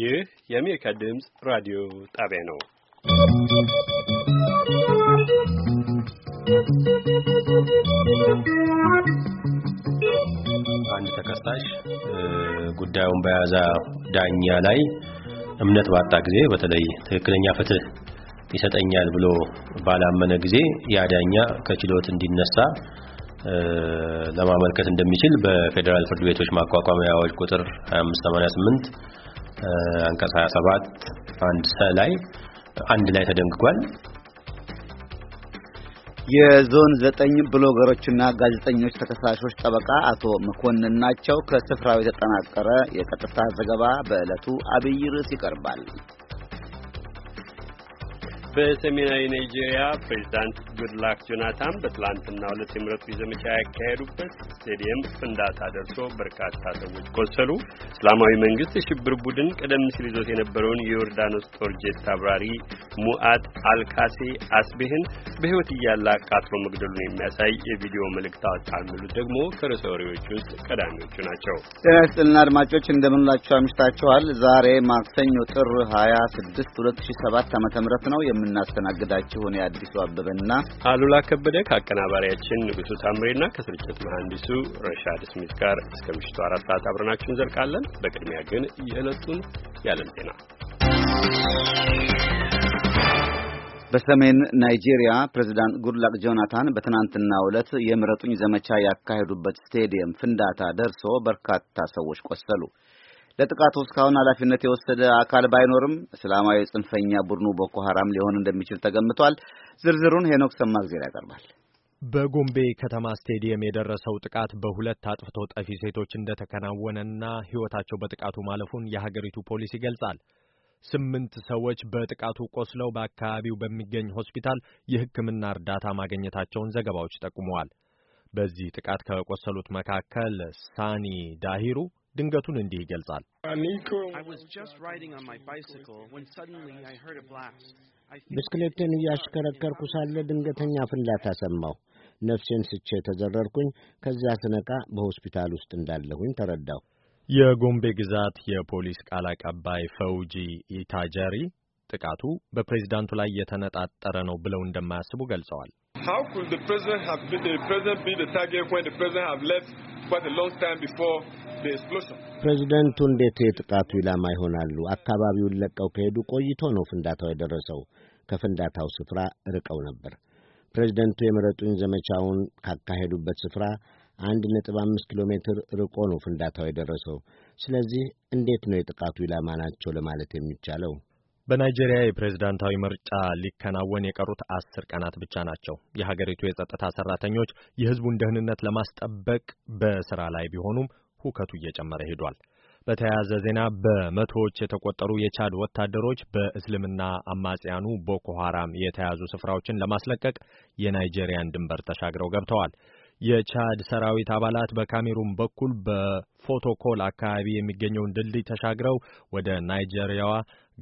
ይህ የአሜሪካ ድምፅ ራዲዮ ጣቢያ ነው። አንድ ተከሳሽ ጉዳዩን በያዛ ዳኛ ላይ እምነት ባጣ ጊዜ በተለይ ትክክለኛ ፍትህ ይሰጠኛል ብሎ ባላመነ ጊዜ ያ ዳኛ ከችሎት እንዲነሳ ለማመልከት እንደሚችል በፌዴራል ፍርድ ቤቶች ማቋቋሚያ አዋጅ ቁጥር 588 አንቀጽ 27 አንድ ሰ ላይ አንድ ላይ ተደንግጓል። የዞን ዘጠኝ ብሎገሮችና ጋዜጠኞች ተከሳሾች ጠበቃ አቶ መኮንን ናቸው። ከስፍራው የተጠናቀረ የቀጥታ ዘገባ በዕለቱ አብይ ርዕስ ይቀርባል። በሰሜናዊ ናይጄሪያ ፕሬዚዳንት ጉድላክ ጆናታን በትላንትና ሁለት የምረጡኝ ዘመቻ ያካሄዱበት ስቴዲየም ፍንዳታ ደርሶ በርካታ ሰዎች ቆሰሉ። እስላማዊ መንግስት የሽብር ቡድን ቀደም ሲል ይዞት የነበረውን የዮርዳኖስ ጦር ጄት አብራሪ ሙአት አልካሴ አስቤህን በሕይወት እያለ አቃጥሎ መግደሉን የሚያሳይ የቪዲዮ መልእክት አወጣ። የሚሉት ደግሞ ከርዕሰ ወሬዎች ውስጥ ቀዳሚዎቹ ናቸው። ጤና ይስጥልና አድማጮች እንደምንላቸው አምሽታችኋል። ዛሬ ማክሰኞ ጥር 26 2007 ዓ.ም ነው። የምናስተናግዳችሁ እኔ አዲሱ አበበና አሉላ ከበደ ከአቀናባሪያችን ንጉሱ ታምሬና ከስርጭት መሐንዲሱ ረሻድ ስሚት ጋር እስከ ምሽቱ አራት ሰዓት አብረናችሁ እንዘልቃለን። በቅድሚያ ግን የዕለቱን ያለም ዜና በሰሜን ናይጄሪያ ፕሬዚዳንት ጉድላቅ ጆናታን በትናንትናው ዕለት የምረጡኝ ዘመቻ ያካሄዱበት ስቴዲየም ፍንዳታ ደርሶ በርካታ ሰዎች ቆሰሉ። ለጥቃቱ እስካሁን ኃላፊነት የወሰደ አካል ባይኖርም እስላማዊ ጽንፈኛ ቡድኑ ቦኮ ሐራም ሊሆን እንደሚችል ተገምቷል። ዝርዝሩን ሄኖክ ሰማግዜር ያቀርባል። በጎምቤ ከተማ ስቴዲየም የደረሰው ጥቃት በሁለት አጥፍቶ ጠፊ ሴቶች እንደተከናወነና ሕይወታቸው በጥቃቱ ማለፉን የሀገሪቱ ፖሊስ ይገልጻል። ስምንት ሰዎች በጥቃቱ ቆስለው በአካባቢው በሚገኝ ሆስፒታል የሕክምና እርዳታ ማግኘታቸውን ዘገባዎች ጠቁመዋል። በዚህ ጥቃት ከቆሰሉት መካከል ሳኒ ዳሂሩ ድንገቱን እንዲህ ይገልጻል። ብስክሌቴን እያሽከረከርኩ ሳለ ድንገተኛ ፍንዳታ ሰማሁ። ነፍሴን ስቼ ተዘረርኩኝ። ከዚያ ስነቃ በሆስፒታል ውስጥ እንዳለሁኝ ተረዳሁ። የጎምቤ ግዛት የፖሊስ ቃል አቀባይ ፈውጂ ኢታጀሪ ጥቃቱ በፕሬዝዳንቱ ላይ የተነጣጠረ ነው ብለው እንደማያስቡ ገልጸዋል። ፕሬዚደንቱ እንዴት የጥቃቱ ኢላማ ይሆናሉ? አካባቢውን ለቀው ከሄዱ ቆይቶ ነው ፍንዳታው የደረሰው። ከፍንዳታው ስፍራ ርቀው ነበር። ፕሬዚደንቱ የምረጡኝ ዘመቻውን ካካሄዱበት ስፍራ አንድ ነጥብ አምስት ኪሎ ሜትር ርቆ ነው ፍንዳታው የደረሰው። ስለዚህ እንዴት ነው የጥቃቱ ኢላማ ናቸው ለማለት የሚቻለው? በናይጄሪያ የፕሬዝዳንታዊ ምርጫ ሊከናወን የቀሩት አስር ቀናት ብቻ ናቸው። የሀገሪቱ የጸጥታ ሰራተኞች የህዝቡን ደህንነት ለማስጠበቅ በስራ ላይ ቢሆኑም ሁከቱ እየጨመረ ሄዷል። በተያያዘ ዜና በመቶዎች የተቆጠሩ የቻድ ወታደሮች በእስልምና አማጽያኑ ቦኮ ሐራም የተያዙ ስፍራዎችን ለማስለቀቅ የናይጄሪያን ድንበር ተሻግረው ገብተዋል። የቻድ ሰራዊት አባላት በካሜሩን በኩል በፎቶኮል አካባቢ የሚገኘውን ድልድይ ተሻግረው ወደ ናይጄሪያዋ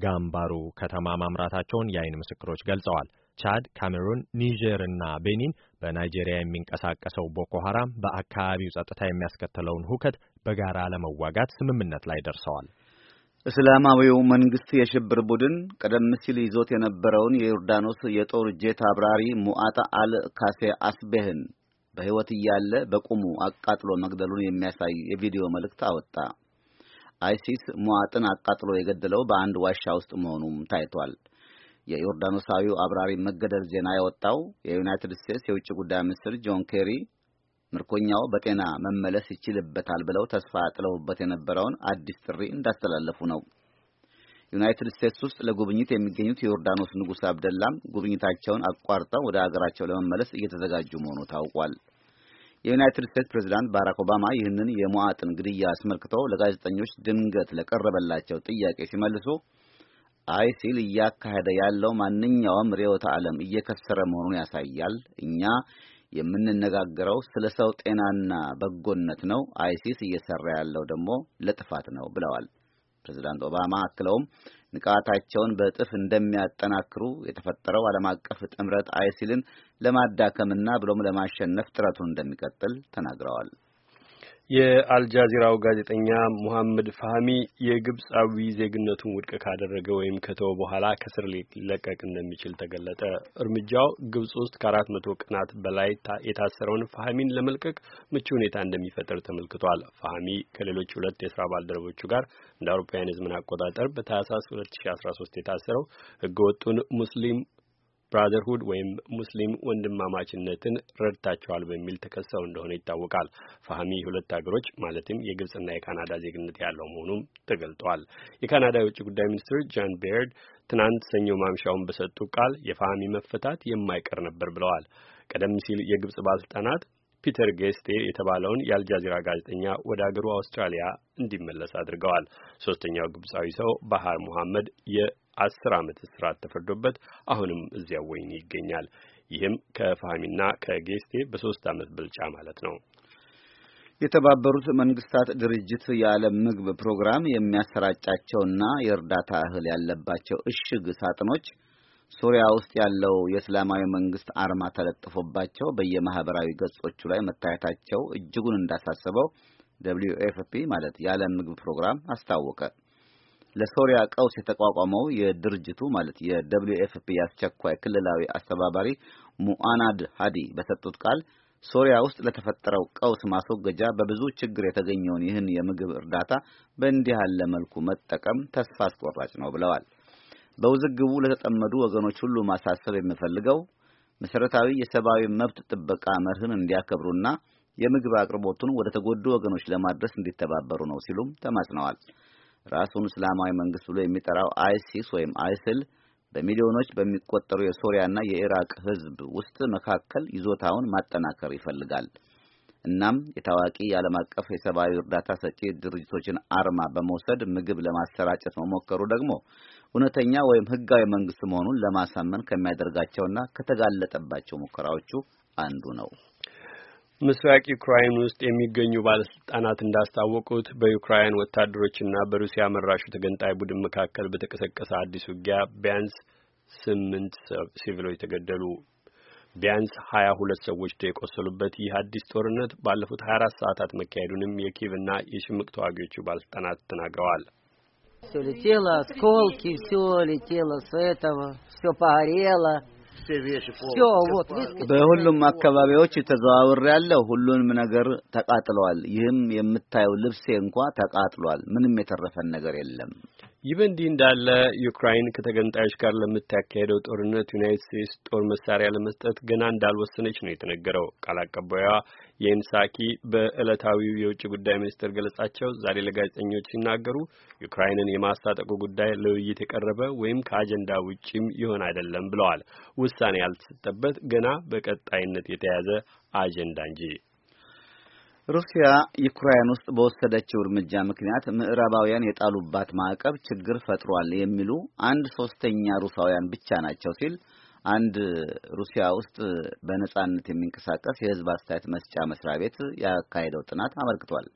ጋምባሩ ከተማ ማምራታቸውን የአይን ምስክሮች ገልጸዋል። ቻድ፣ ካሜሩን፣ ኒጀር እና ቤኒን በናይጄሪያ የሚንቀሳቀሰው ቦኮ ሐራም በአካባቢው ጸጥታ የሚያስከትለውን ሁከት በጋራ ለመዋጋት ስምምነት ላይ ደርሰዋል። እስላማዊው መንግስት የሽብር ቡድን ቀደም ሲል ይዞት የነበረውን የዮርዳኖስ የጦር ጄት አብራሪ ሙአጣ አል ካሴ አስቤህን በሕይወት እያለ በቁሙ አቃጥሎ መግደሉን የሚያሳይ የቪዲዮ መልእክት አወጣ። አይሲስ ሙአጥን አቃጥሎ የገደለው በአንድ ዋሻ ውስጥ መሆኑም ታይቷል። የዮርዳኖሳዊው አብራሪ መገደል ዜና የወጣው የዩናይትድ ስቴትስ የውጭ ጉዳይ ሚኒስትር ጆን ኬሪ ምርኮኛው በጤና መመለስ ይችልበታል ብለው ተስፋ ጥለውበት የነበረውን አዲስ ጥሪ እንዳስተላለፉ ነው። ዩናይትድ ስቴትስ ውስጥ ለጉብኝት የሚገኙት የዮርዳኖስ ንጉሥ አብደላም ጉብኝታቸውን አቋርጠው ወደ አገራቸው ለመመለስ እየተዘጋጁ መሆኑ ታውቋል። የዩናይትድ ስቴትስ ፕሬዝዳንት ባራክ ኦባማ ይህንን የሙዓጥን ግድያ አስመልክቶ ለጋዜጠኞች ድንገት ለቀረበላቸው ጥያቄ ሲመልሱ አይሲል እያካሄደ ያለው ማንኛውም ርዕዮተ ዓለም እየከሰረ መሆኑን ያሳያል። እኛ የምንነጋገረው ስለ ሰው ጤናና በጎነት ነው። አይሲስ እየሰራ ያለው ደግሞ ለጥፋት ነው ብለዋል። ፕሬዚዳንት ኦባማ አክለውም ንቃታቸውን በእጥፍ እንደሚያጠናክሩ የተፈጠረው ዓለም አቀፍ ጥምረት አይሲልን ለማዳከምና ብሎም ለማሸነፍ ጥረቱን እንደሚቀጥል ተናግረዋል። የአልጃዚራው ጋዜጠኛ ሙሐመድ ፋህሚ የግብፃዊ ዜግነቱን ውድቅ ካደረገ ወይም ከተወ በኋላ ከስር ሊለቀቅ እንደሚችል ተገለጠ። እርምጃው ግብፅ ውስጥ ከአራት መቶ ቀናት በላይ የታሰረውን ፋህሚን ለመልቀቅ ምቹ ሁኔታ እንደሚፈጥር ተመልክቷል። ፋህሚ ከሌሎች ሁለት የስራ ባልደረቦቹ ጋር እንደ አውሮፓውያን የዘመን አቆጣጠር በታህሳስ 2013 የታሰረው ህገወጡን ሙስሊም ብራዘርሁድ ወይም ሙስሊም ወንድማማችነትን ረድታቸዋል በሚል ተከሰው እንደሆነ ይታወቃል። ፋህሚ የሁለት ሀገሮች ማለትም የግብጽና የካናዳ ዜግነት ያለው መሆኑም ተገልጧል። የካናዳ የውጭ ጉዳይ ሚኒስትር ጃን ቤርድ ትናንት ሰኞ ማምሻውን በሰጡ ቃል የፋህሚ መፈታት የማይቀር ነበር ብለዋል። ቀደም ሲል የግብጽ ባለስልጣናት ፒተር ጌስቴ የተባለውን የአልጃዚራ ጋዜጠኛ ወደ አገሩ አውስትራሊያ እንዲመለስ አድርገዋል። ሶስተኛው ግብፃዊ ሰው ባህር ሙሐመድ አስር ዓመት እስራት ተፈርዶበት አሁንም እዚያው ወይኒ ይገኛል። ይህም ከፋሚና ከጌስቴ በሶስት ዓመት ብልጫ ማለት ነው። የተባበሩት መንግስታት ድርጅት የዓለም ምግብ ፕሮግራም የሚያሰራጫቸውና የእርዳታ እህል ያለባቸው እሽግ ሳጥኖች ሱሪያ ውስጥ ያለው የእስላማዊ መንግስት አርማ ተለጥፎባቸው በየማህበራዊ ገጾቹ ላይ መታየታቸው እጅጉን እንዳሳሰበው ደብሊዩ ኤፍፒ ማለት የዓለም ምግብ ፕሮግራም አስታወቀ። ለሶሪያ ቀውስ የተቋቋመው የድርጅቱ ማለት የደብሊዩ ኤፍፒ አስቸኳይ ክልላዊ አስተባባሪ ሙአናድ ሀዲ በሰጡት ቃል ሶሪያ ውስጥ ለተፈጠረው ቀውስ ማስወገጃ በብዙ ችግር የተገኘውን ይህን የምግብ እርዳታ በእንዲህ ያለ መልኩ መጠቀም ተስፋ አስቆራጭ ነው ብለዋል። በውዝግቡ ለተጠመዱ ወገኖች ሁሉ ማሳሰብ የምፈልገው መሰረታዊ የሰብአዊ መብት ጥበቃ መርህን እንዲያከብሩና የምግብ አቅርቦቱን ወደ ተጎዱ ወገኖች ለማድረስ እንዲተባበሩ ነው ሲሉም ተማጽነዋል። ራሱን እስላማዊ መንግስት ብሎ የሚጠራው አይሲስ ወይም አይስል በሚሊዮኖች በሚቆጠሩ የሶሪያና የኢራቅ ህዝብ ውስጥ መካከል ይዞታውን ማጠናከር ይፈልጋል። እናም የታዋቂ የዓለም አቀፍ የሰብአዊ እርዳታ ሰጪ ድርጅቶችን አርማ በመውሰድ ምግብ ለማሰራጨት መሞከሩ ደግሞ እውነተኛ ወይም ህጋዊ መንግስት መሆኑን ለማሳመን ከሚያደርጋቸውና ከተጋለጠባቸው ሙከራዎቹ አንዱ ነው። ምስራቅ ዩክራይን ውስጥ የሚገኙ ባለስልጣናት እንዳስታወቁት በዩክራይን ወታደሮችና በሩሲያ መራሹ ተገንጣይ ቡድን መካከል በተቀሰቀሰ አዲስ ውጊያ ቢያንስ ስምንት ሲቪሎች ተገደሉ። ቢያንስ ሀያ ሁለት ሰዎች የቆሰሉበት ይህ አዲስ ጦርነት ባለፉት ሀያ አራት ሰዓታት መካሄዱንም የኪቭና የሽምቅ ተዋጊዎቹ ባለስልጣናት ተናግረዋል። ሌቴ በሁሉም አካባቢዎች ተዘዋውሬ ያለው ሁሉንም ነገር ተቃጥሏል ይህም የምታየው ልብሴ እንኳ ተቃጥሏል። ምንም የተረፈን ነገር የለም። ይህ በእንዲህ እንዳለ ዩክራይን ከተገንጣዮች ጋር ለምታካሄደው ጦርነት ዩናይትድ ስቴትስ ጦር መሳሪያ ለመስጠት ገና እንዳልወሰነች ነው የተነገረው። ቃል አቀባዩ የንሳኪ ሳኪ በዕለታዊው የውጭ ጉዳይ ሚኒስትር ገለጻቸው ዛሬ ለጋዜጠኞች ሲናገሩ ዩክራይንን የማስታጠቁ ጉዳይ ለውይይት የቀረበ ወይም ከአጀንዳ ውጪም ይሆን አይደለም ብለዋል። ውሳኔ ያልተሰጠበት ገና በቀጣይነት የተያዘ አጀንዳ እንጂ። ሩሲያ ዩክራይን ውስጥ በወሰደችው እርምጃ ምክንያት ምዕራባውያን የጣሉባት ማዕቀብ ችግር ፈጥሯል የሚሉ አንድ ሶስተኛ ሩሳውያን ብቻ ናቸው ሲል አንድ ሩሲያ ውስጥ በነጻነት የሚንቀሳቀስ የህዝብ አስተያየት መስጫ መስሪያ ቤት ያካሄደው ጥናት አመልክቷል።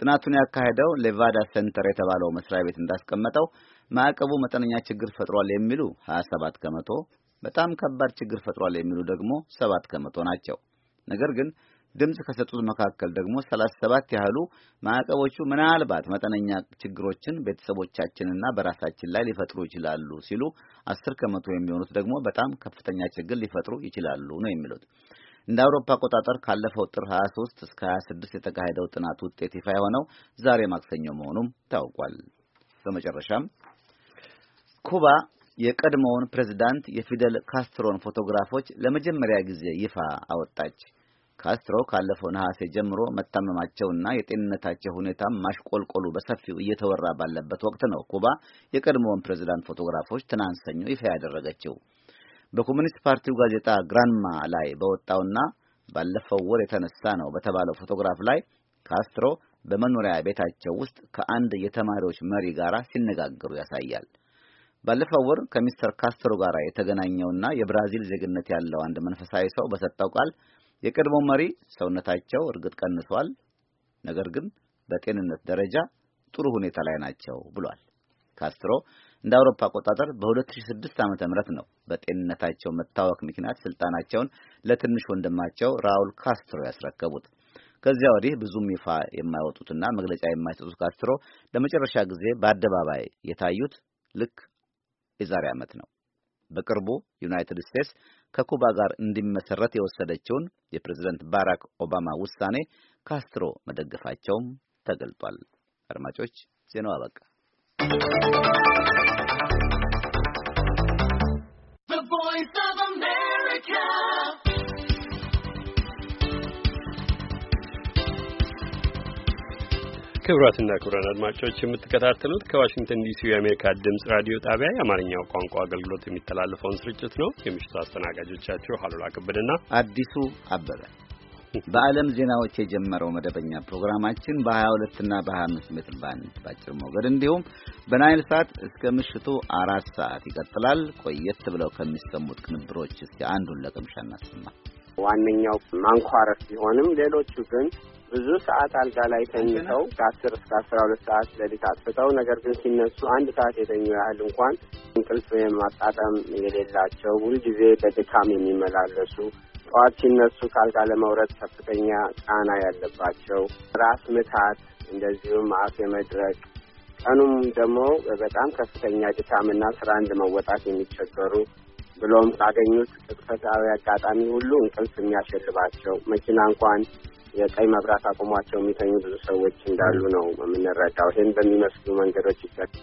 ጥናቱን ያካሄደው ሌቫዳ ሴንተር የተባለው መስሪያ ቤት እንዳስቀመጠው ማዕቀቡ መጠነኛ ችግር ፈጥሯል የሚሉ 27 ከመቶ፣ በጣም ከባድ ችግር ፈጥሯል የሚሉ ደግሞ 7 ከመቶ ናቸው። ነገር ግን ድምፅ ከሰጡት መካከል ደግሞ 37 ያህሉ ማዕቀቦቹ ምናልባት መጠነኛ ችግሮችን ቤተሰቦቻችንና በራሳችን ላይ ሊፈጥሩ ይችላሉ ሲሉ፣ 10 ከመቶ የሚሆኑት ደግሞ በጣም ከፍተኛ ችግር ሊፈጥሩ ይችላሉ ነው የሚሉት። እንደ አውሮፓ አቆጣጠር ካለፈው ጥር 23 እስከ 26 የተካሄደው ጥናት ውጤት ይፋ የሆነው ዛሬ ማክሰኞ መሆኑም ታውቋል። በመጨረሻም ኩባ የቀድሞውን ፕሬዝዳንት የፊደል ካስትሮን ፎቶግራፎች ለመጀመሪያ ጊዜ ይፋ አወጣች። ካስትሮ ካለፈው ነሐሴ ጀምሮ መታመማቸውና የጤንነታቸው ሁኔታም ማሽቆልቆሉ በሰፊው እየተወራ ባለበት ወቅት ነው ኩባ የቀድሞውን ፕሬዚዳንት ፎቶግራፎች ትናንት ሰኞ ይፋ ያደረገችው። በኮሚኒስት ፓርቲው ጋዜጣ ግራንማ ላይ በወጣውና ባለፈው ወር የተነሳ ነው በተባለው ፎቶግራፍ ላይ ካስትሮ በመኖሪያ ቤታቸው ውስጥ ከአንድ የተማሪዎች መሪ ጋር ሲነጋገሩ ያሳያል። ባለፈው ወር ከሚስተር ካስትሮ ጋር የተገናኘውና የብራዚል ዜግነት ያለው አንድ መንፈሳዊ ሰው በሰጠው ቃል የቀድሞ መሪ ሰውነታቸው እርግጥ ቀንሷል፣ ነገር ግን በጤንነት ደረጃ ጥሩ ሁኔታ ላይ ናቸው ብሏል። ካስትሮ እንደ አውሮፓ አቆጣጠር በ2006 ዓመተ ምህረት ነው በጤንነታቸው መታወክ ምክንያት ስልጣናቸውን ለትንሽ ወንድማቸው ራውል ካስትሮ ያስረከቡት። ከዚያ ወዲህ ብዙም ይፋ የማይወጡትና መግለጫ የማይሰጡት ካስትሮ ለመጨረሻ ጊዜ በአደባባይ የታዩት ልክ የዛሬ ዓመት ነው። በቅርቡ ዩናይትድ ስቴትስ ከኩባ ጋር እንዲመሰረት የወሰደችውን የፕሬዝደንት ባራክ ኦባማ ውሳኔ ካስትሮ መደገፋቸውም ተገልጧል። አድማጮች ዜናው አበቃ። ክቡራትና ክቡራን አድማጮች የምትከታተሉት ከዋሽንግተን ዲሲ የአሜሪካ ድምጽ ራዲዮ ጣቢያ የአማርኛው ቋንቋ አገልግሎት የሚተላለፈውን ስርጭት ነው። የምሽቱ አስተናጋጆቻችሁ አሉላ ከበደና አዲሱ አበበ። በዓለም ዜናዎች የጀመረው መደበኛ ፕሮግራማችን በ22 እና በ25 ሜትር ባንድ በአጭር ሞገድ እንዲሁም በናይል ሰዓት እስከ ምሽቱ አራት ሰዓት ይቀጥላል። ቆየት ብለው ከሚሰሙት ቅንብሮች እስቲ አንዱን ለቅምሻ እናሰማ። ዋነኛው ማንኳረፍ ቢሆንም ሌሎቹ ግን ብዙ ሰዓት አልጋ ላይ ተኝተው ከአስር እስከ አስራ ሁለት ሰዓት ሌሊት አጥፍተው ነገር ግን ሲነሱ አንድ ሰዓት የተኙ ያህል እንኳን እንቅልፍ የማጣጠም የሌላቸው ሁልጊዜ በድካም የሚመላለሱ ጠዋት ሲነሱ ከአልጋ ለመውረድ ከፍተኛ ጫና ያለባቸው፣ ራስ ምታት፣ እንደዚሁም አፍ የመድረቅ ቀኑም ደግሞ በጣም ከፍተኛ ድካምና ስራ እንደ መወጣት የሚቸገሩ ብሎም ካገኙት ቅጥፈታዊ አጋጣሚ ሁሉ እንቅልፍ የሚያሸልባቸው መኪና እንኳን የቀይ መብራት አቁሟቸው የሚተኙ ብዙ ሰዎች እንዳሉ ነው የምንረዳው። ይህን በሚመስሉ መንገዶች ይቀጥል።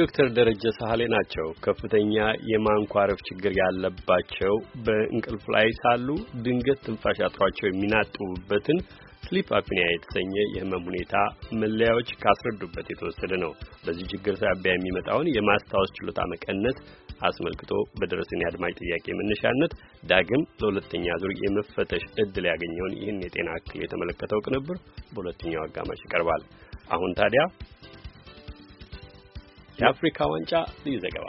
ዶክተር ደረጀ ሳህሌ ናቸው። ከፍተኛ የማንኳረፍ ችግር ያለባቸው በእንቅልፍ ላይ ሳሉ ድንገት ትንፋሽ አጥሯቸው የሚናጥቡበትን ስሊፕ አፕኒያ የተሰኘ የህመም ሁኔታ መለያዎች ካስረዱበት የተወሰደ ነው። በዚህ ችግር ሳቢያ የሚመጣውን የማስታወስ ችሎታ መቀነስ አስመልክቶ በደረሰን የአድማጭ ጥያቄ መነሻነት ዳግም ለሁለተኛ ዙር የመፈተሽ እድል ያገኘውን ይህን የጤና እክል የተመለከተው ቅንብር በሁለተኛው አጋማሽ ይቀርባል። አሁን ታዲያ የአፍሪካ ዋንጫ ልዩ ዘገባ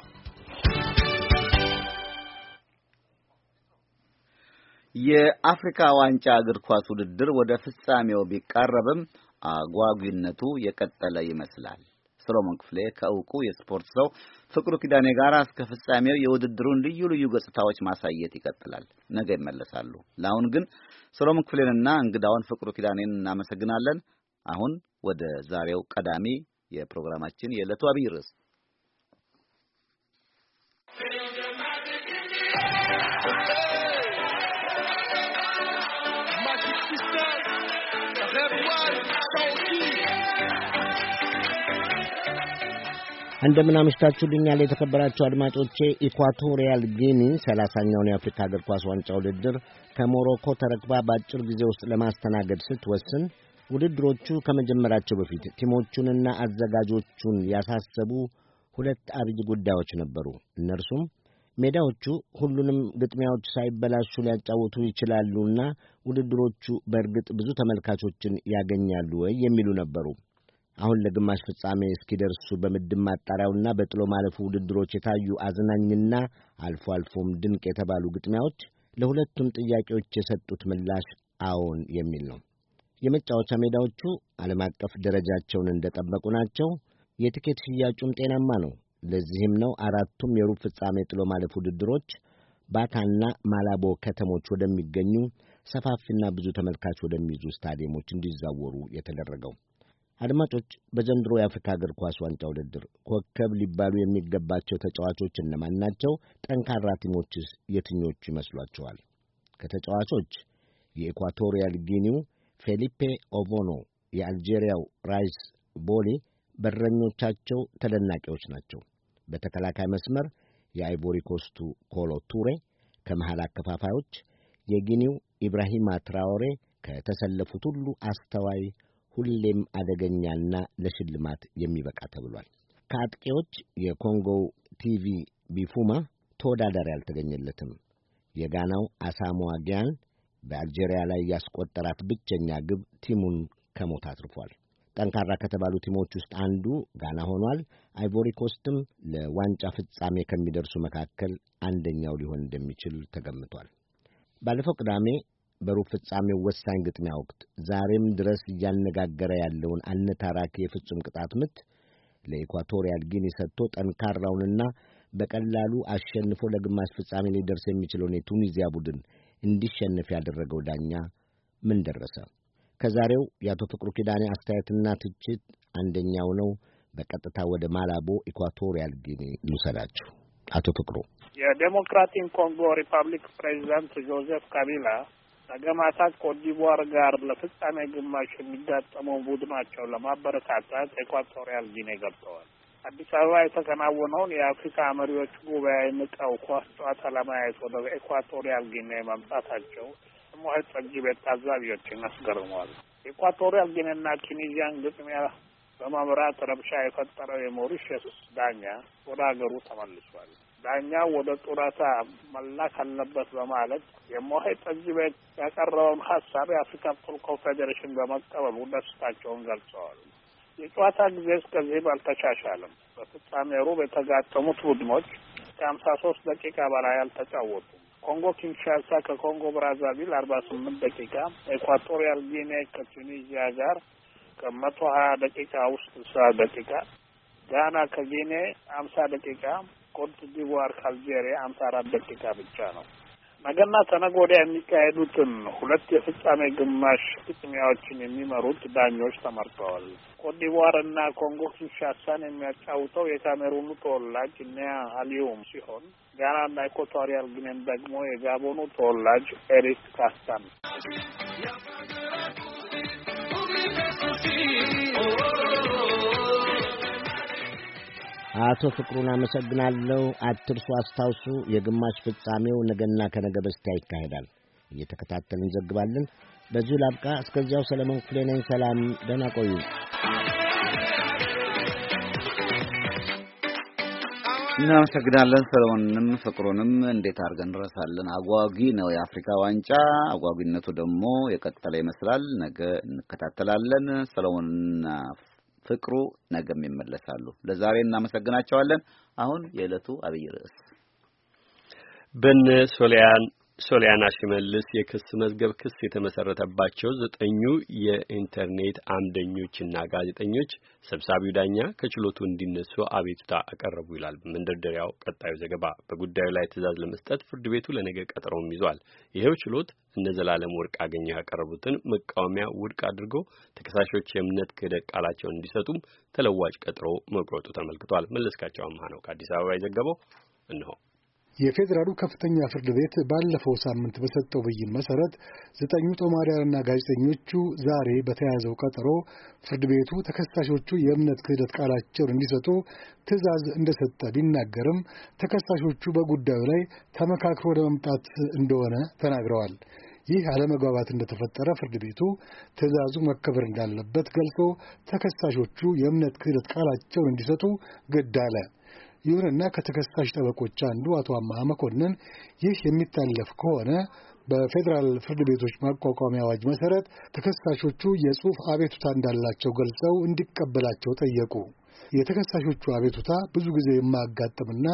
የአፍሪካ ዋንጫ እግር ኳስ ውድድር ወደ ፍጻሜው ቢቃረብም አጓጊነቱ የቀጠለ ይመስላል። ሰሎሞን ክፍሌ ከእውቁ የስፖርት ሰው ፍቅሩ ኪዳኔ ጋር እስከ ፍጻሜው የውድድሩን ልዩ ልዩ ገጽታዎች ማሳየት ይቀጥላል። ነገ ይመለሳሉ። ለአሁን ግን ሰሎሞን ክፍሌንና እንግዳውን ፍቅሩ ኪዳኔን እናመሰግናለን። አሁን ወደ ዛሬው ቀዳሚ የፕሮግራማችን የዕለቱ አብይ ርዕስ እንደምን አምሽታችሁልኛል የተከበራችሁ አድማጮቼ። ኢኳቶሪያል ጊኒ ሰላሳኛውን የአፍሪካ እግር ኳስ ዋንጫ ውድድር ከሞሮኮ ተረክባ በአጭር ጊዜ ውስጥ ለማስተናገድ ስትወስን ውድድሮቹ ከመጀመራቸው በፊት ቲሞቹንና አዘጋጆቹን ያሳሰቡ ሁለት አብይ ጉዳዮች ነበሩ። እነርሱም ሜዳዎቹ ሁሉንም ግጥሚያዎች ሳይበላሹ ሊያጫወቱ ይችላሉና ውድድሮቹ በእርግጥ ብዙ ተመልካቾችን ያገኛሉ ወይ የሚሉ ነበሩ። አሁን ለግማሽ ፍጻሜ እስኪደርሱ በምድብ ማጣሪያውና በጥሎ ማለፉ ውድድሮች የታዩ አዝናኝና አልፎ አልፎም ድንቅ የተባሉ ግጥሚያዎች ለሁለቱም ጥያቄዎች የሰጡት ምላሽ አዎን የሚል ነው። የመጫወቻ ሜዳዎቹ ዓለም አቀፍ ደረጃቸውን እንደጠበቁ ናቸው። የትኬት ሽያጩም ጤናማ ነው። ለዚህም ነው አራቱም የሩብ ፍጻሜ ጥሎ ማለፍ ውድድሮች ባታና ማላቦ ከተሞች ወደሚገኙ ሰፋፊና ብዙ ተመልካች ወደሚይዙ ስታዲየሞች እንዲዛወሩ የተደረገው። አድማጮች፣ በዘንድሮ የአፍሪካ እግር ኳስ ዋንጫ ውድድር ኮከብ ሊባሉ የሚገባቸው ተጫዋቾች እነማን ናቸው? ጠንካራ ቲሞችስ የትኞቹ ይመስሏቸዋል? ከተጫዋቾች የኢኳቶሪያል ጊኒው ፌሊፔ ኦቮኖ የአልጄሪያው ራይስ ቦሊ በረኞቻቸው ተደናቂዎች ናቸው። በተከላካይ መስመር የአይቮሪ ኮስቱ ኮሎ ቱሬ፣ ከመሃል አከፋፋዮች የጊኒው ኢብራሂማ ትራዎሬ ከተሰለፉት ሁሉ አስተዋይ ሁሌም አደገኛና ለሽልማት የሚበቃ ተብሏል። ከአጥቂዎች የኮንጎው ቲቪ ቢፉማ ተወዳዳሪ አልተገኘለትም። የጋናው አሳሞ ጊያን በአልጄሪያ ላይ ያስቆጠራት ብቸኛ ግብ ቲሙን ከሞት አትርፏል። ጠንካራ ከተባሉ ቲሞች ውስጥ አንዱ ጋና ሆኗል። አይቮሪኮስትም ኮስትም ለዋንጫ ፍጻሜ ከሚደርሱ መካከል አንደኛው ሊሆን እንደሚችል ተገምቷል። ባለፈው ቅዳሜ በሩብ ፍጻሜው ወሳኝ ግጥሚያ ወቅት ዛሬም ድረስ እያነጋገረ ያለውን አነታራኪ የፍጹም ቅጣት ምት ለኢኳቶሪያል ጊኒ ሰጥቶ ጠንካራውንና በቀላሉ አሸንፎ ለግማሽ ፍጻሜ ሊደርስ የሚችለውን የቱኒዚያ ቡድን እንዲሸንፍ ያደረገው ዳኛ ምን ደረሰ? ከዛሬው የአቶ ፍቅሩ ኪዳኔ አስተያየትና ትችት አንደኛው ነው። በቀጥታ ወደ ማላቦ ኢኳቶሪያል ጊኒ ልውሰዳችሁ። አቶ ፍቅሩ የዴሞክራቲክ ኮንጎ ሪፐብሊክ ፕሬዚዳንት ጆዜፍ ካቢላ ከገማሳት ኮትዲቯር ጋር ለፍጻሜ ግማሽ የሚጋጠመው ቡድናቸው ለማበረታታት ኤኳቶሪያል ጊኔ ገብተዋል። አዲስ አበባ የተከናወነውን የአፍሪካ መሪዎች ጉባኤ ንቀው ኳስ ጨዋታ ለማየት ወደ ኤኳቶሪያል ጊኔ መምጣታቸው ስሙሀት ጠጅ ቤት ታዛቢዎችን አስገርመዋል። ኤኳቶሪያል ጊኔና ቱኒዚያን ግጥሚያ በመምራት ረብሻ የፈጠረው የሞሪሽስ ዳኛ ወደ ሀገሩ ተመልሷል። ዳኛ ወደ ጡረታ መላክ አለበት በማለት የሞሄ ጠጅ ቤት ያቀረበውን ሀሳብ የአፍሪካ ፉትቦል ፌዴሬሽን በመቀበሉ ደስታቸውን ገልጸዋል። የጨዋታ ጊዜ እስከዚህም አልተሻሻለም። በፍጻሜ ሩብ የተጋጠሙት ቡድኖች ከሀምሳ ሶስት ደቂቃ በላይ አልተጫወቱም። ኮንጎ ኪንሻሳ ከኮንጎ ብራዛቪል አርባ ስምንት ደቂቃ፣ ኤኳቶሪያል ጊኔ ከቱኒዚያ ጋር ከመቶ ሀያ ደቂቃ ውስጥ ስልሳ ደቂቃ፣ ጋና ከጊኔ አምሳ ደቂቃ ኮት ዲቯር ካልጄሪያ አምሳ አራት ደቂቃ ብቻ ነው። ነገና ተነገ ወዲያ የሚካሄዱትን ሁለት የፍጻሜ ግማሽ ፍጥሚያዎችን የሚመሩት ዳኞች ተመርጠዋል። ኮትዲቯር እና ኮንጎ ኪንሻሳን የሚያጫውተው የካሜሩኑ ተወላጅ ኒያ አሊዩም ሲሆን ጋና እና ኢኳቶሪያል ግኔን ደግሞ የጋቦኑ ተወላጅ ኤሪክ ካስታን ነው። oh, አቶ ፍቅሩን አመሰግናለሁ። አትርሱ፣ አስታውሱ፣ የግማሽ ፍጻሜው ነገና ከነገ በስቲያ ይካሄዳል። እየተከታተልን እንዘግባለን። በዚሁ ላብቃ። እስከዚያው ሰለሞን ክፍሌ ነኝ። ሰላም፣ ደህና ቆዩ። እናመሰግናለን ሰለሞንንም ፍቅሩንም። እንዴት አድርገን እንረሳለን? አጓጊ ነው የአፍሪካ ዋንጫ። አጓጊነቱ ደግሞ የቀጠለ ይመስላል። ነገ እንከታተላለን። ሰለሞንና ፍቅሩ ነገም ይመለሳሉ። ለዛሬ እናመሰግናቸዋለን። አሁን የዕለቱ አብይ ርዕስ በነ ሶሊያን ሶሊያና ሽመልስ የክስ መዝገብ ክስ የተመሰረተባቸው ዘጠኙ የኢንተርኔት አምደኞችና ጋዜጠኞች ሰብሳቢው ዳኛ ከችሎቱ እንዲነሱ አቤቱታ አቀረቡ ይላል መንደርደሪያው ቀጣዩ ዘገባ። በጉዳዩ ላይ ትዕዛዝ ለመስጠት ፍርድ ቤቱ ለነገ ቀጠሮም ይዟል። ይኸው ችሎት እነ ዘላለም ወርቅ አገኘው ያቀረቡትን መቃወሚያ ውድቅ አድርጎ ተከሳሾች የእምነት ክህደት ቃላቸውን እንዲሰጡም ተለዋጭ ቀጥሮ መቁረጡ ተመልክቷል። መለስካቸው አምሃ ነው ከአዲስ አበባ የዘገበው። እንሆ የፌዴራሉ ከፍተኛ ፍርድ ቤት ባለፈው ሳምንት በሰጠው ብይን መሰረት ዘጠኙ ጦማሪያንና ጋዜጠኞቹ ዛሬ በተያያዘው ቀጠሮ ፍርድ ቤቱ ተከሳሾቹ የእምነት ክህደት ቃላቸውን እንዲሰጡ ትዕዛዝ እንደሰጠ ቢናገርም ተከሳሾቹ በጉዳዩ ላይ ተመካክሮ ለመምጣት እንደሆነ ተናግረዋል። ይህ አለመግባባት እንደተፈጠረ ፍርድ ቤቱ ትዕዛዙ መከበር እንዳለበት ገልጾ ተከሳሾቹ የእምነት ክህደት ቃላቸውን እንዲሰጡ ግድ አለ። ይሁንና ከተከሳሽ ጠበቆች አንዱ አቶ አማሃ መኮንን ይህ የሚታለፍ ከሆነ በፌዴራል ፍርድ ቤቶች ማቋቋሚያ አዋጅ መሰረት ተከሳሾቹ የጽሑፍ አቤቱታ እንዳላቸው ገልጸው እንዲቀበላቸው ጠየቁ። የተከሳሾቹ አቤቱታ ብዙ ጊዜ የማያጋጥምና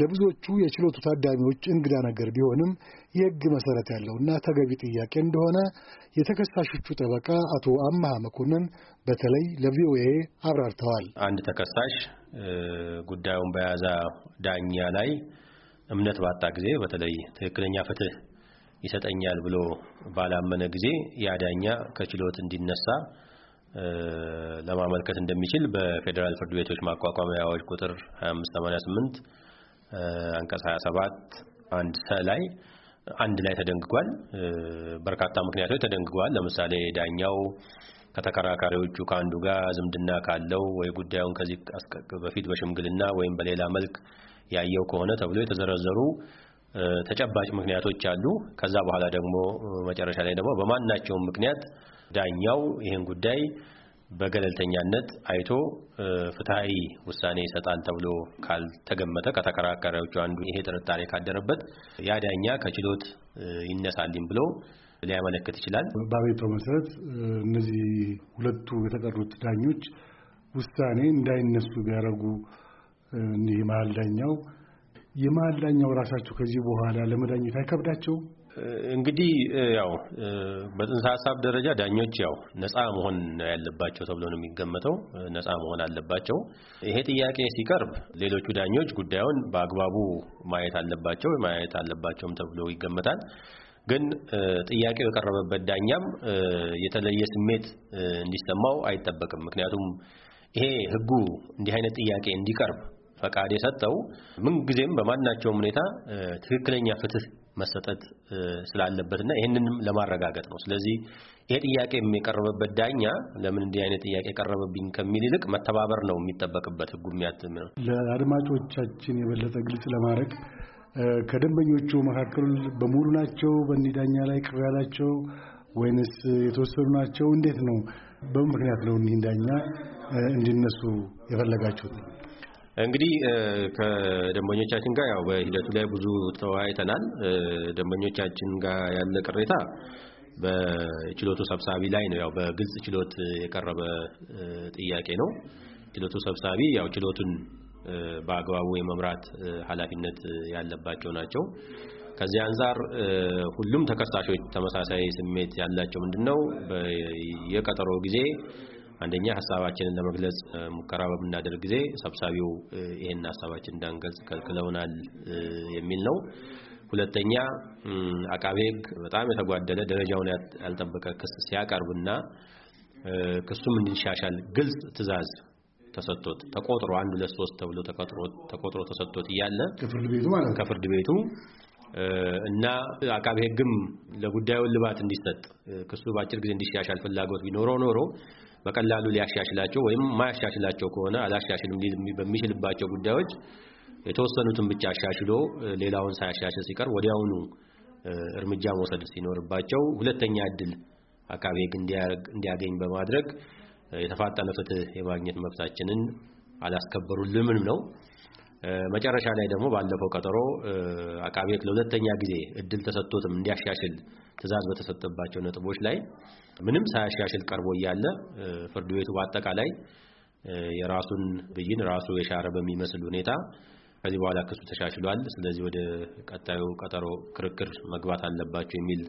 ለብዙዎቹ የችሎቱ ታዳሚዎች እንግዳ ነገር ቢሆንም የሕግ መሠረት ያለውና ተገቢ ጥያቄ እንደሆነ የተከሳሾቹ ጠበቃ አቶ አምሃ መኮንን በተለይ ለቪኦኤ አብራርተዋል። አንድ ተከሳሽ ጉዳዩን በያዛ ዳኛ ላይ እምነት ባጣ ጊዜ በተለይ ትክክለኛ ፍትህ ይሰጠኛል ብሎ ባላመነ ጊዜ ያ ዳኛ ከችሎት እንዲነሳ ለማመልከት እንደሚችል በፌዴራል ፍርድ ቤቶች ማቋቋሚያ አዋጅ ቁጥር 2588 አንቀጽ 27 አንድ ሰ ላይ አንድ ላይ ተደንግጓል። በርካታ ምክንያቶች ተደንግጓል። ለምሳሌ ዳኛው ከተከራካሪዎቹ ከአንዱ ጋር ዝምድና ካለው ወይ ጉዳዩን ከዚህ በፊት በሽምግልና ወይም በሌላ መልክ ያየው ከሆነ ተብሎ የተዘረዘሩ ተጨባጭ ምክንያቶች አሉ። ከዛ በኋላ ደግሞ መጨረሻ ላይ ደግሞ በማናቸውም ምክንያት ዳኛው ይህን ጉዳይ በገለልተኛነት አይቶ ፍትሐዊ ውሳኔ ይሰጣል ተብሎ ካልተገመተ ከተከራካሪዎቹ አንዱ ይሄ ጥርጣሬ ካደረበት ያ ዳኛ ከችሎት ይነሳልኝ ብሎ ሊያመለክት ይችላል። በአቤቷ መሰረት እነዚህ ሁለቱ የተቀሩት ዳኞች ውሳኔ እንዳይነሱ ቢያደርጉ እኒህ የመሀል ዳኛው የመሀል ዳኛው ራሳቸው ከዚህ በኋላ ለመዳኘት አይከብዳቸውም። እንግዲህ ያው በጽንሰ ሀሳብ ደረጃ ዳኞች ያው ነፃ መሆን ያለባቸው ተብሎ ነው የሚገመተው። ነፃ መሆን አለባቸው። ይሄ ጥያቄ ሲቀርብ ሌሎቹ ዳኞች ጉዳዩን በአግባቡ ማየት አለባቸው ማየት አለባቸውም ተብሎ ይገመታል። ግን ጥያቄው የቀረበበት ዳኛም የተለየ ስሜት እንዲሰማው አይጠበቅም። ምክንያቱም ይሄ ህጉ እንዲህ አይነት ጥያቄ እንዲቀርብ ፈቃድ የሰጠው ምንጊዜም በማናቸውም ሁኔታ ትክክለኛ ፍትህ መሰጠት ስላለበትና ይህንንም ለማረጋገጥ ነው። ስለዚህ ይሄ ጥያቄ የቀረበበት ዳኛ ለምን እንዲህ አይነት ጥያቄ ቀረበብኝ ከሚል ይልቅ መተባበር ነው የሚጠበቅበት ህጉ የሚያትም ነው። ለአድማጮቻችን የበለጠ ግልጽ ለማድረግ ከደንበኞቹ መካከል በሙሉ ናቸው በእኒህ ዳኛ ላይ ቅር ያላቸው ወይንስ የተወሰኑ ናቸው? እንዴት ነው? በምን ምክንያት ነው እኒህ ዳኛ እንዲነሱ የፈለጋችሁት? እንግዲህ ከደንበኞቻችን ጋር ያው በሂደቱ ላይ ብዙ ተወያይተናል። ደንበኞቻችን ጋር ያለ ቅሬታ በችሎቱ ሰብሳቢ ላይ ነው። ያው በግልጽ ችሎት የቀረበ ጥያቄ ነው። ችሎቱ ሰብሳቢ ያው ችሎቱን በአግባቡ የመምራት ኃላፊነት ያለባቸው ናቸው። ከዚህ አንጻር ሁሉም ተከሳሾች ተመሳሳይ ስሜት ያላቸው ምንድነው የቀጠሮ ጊዜ አንደኛ ሀሳባችንን ለመግለጽ ሙከራ በምናደርግ ጊዜ ሰብሳቢው ይሄን ሀሳባችን እንዳንገልጽ ከልክለውናል የሚል ነው። ሁለተኛ አቃቤ ሕግ በጣም የተጓደለ ደረጃውን ያልጠበቀ ክስ ሲያቀርብና ክሱም እንዲሻሻል ግልጽ ትዕዛዝ ተሰጥቶት ተቆጥሮ አንድ ለሶስት ተብሎ ተቆጥሮ ተቆጥሮ ተሰጥቶት እያለ ከፍርድ ቤቱ ማለት ከፍርድ ቤቱ እና አቃቤ ሕግም ለጉዳዩ ልባት እንዲሰጥ ክሱ በአጭር ጊዜ እንዲሻሻል ፍላጎት ቢኖረው ኖሮ በቀላሉ ሊያሻሽላቸው ወይም ማያሻሽላቸው ከሆነ አላሻሽልም በሚችልባቸው ጉዳዮች የተወሰኑትን ብቻ አሻሽሎ ሌላውን ሳያሻሽል ሲቀር ወዲያውኑ እርምጃ መውሰድ ሲኖርባቸው ሁለተኛ እድል አቃቤ ሕግ እንዲያገኝ በማድረግ የተፋጠነ ፍትህ የማግኘት መብታችንን አላስከበሩልምም ነው። መጨረሻ ላይ ደግሞ ባለፈው ቀጠሮ አቃቤ ሕግ ለሁለተኛ ጊዜ እድል ተሰጥቶትም እንዲያሻሽል ትዕዛዝ በተሰጠባቸው ነጥቦች ላይ ምንም ሳያሻሽል ቀርቦ እያለ ፍርድ ቤቱ በአጠቃላይ የራሱን ብይን ራሱ የሻረ በሚመስል ሁኔታ ከዚህ በኋላ ክሱ ተሻሽሏል፣ ስለዚህ ወደ ቀጣዩ ቀጠሮ ክርክር መግባት አለባቸው የሚል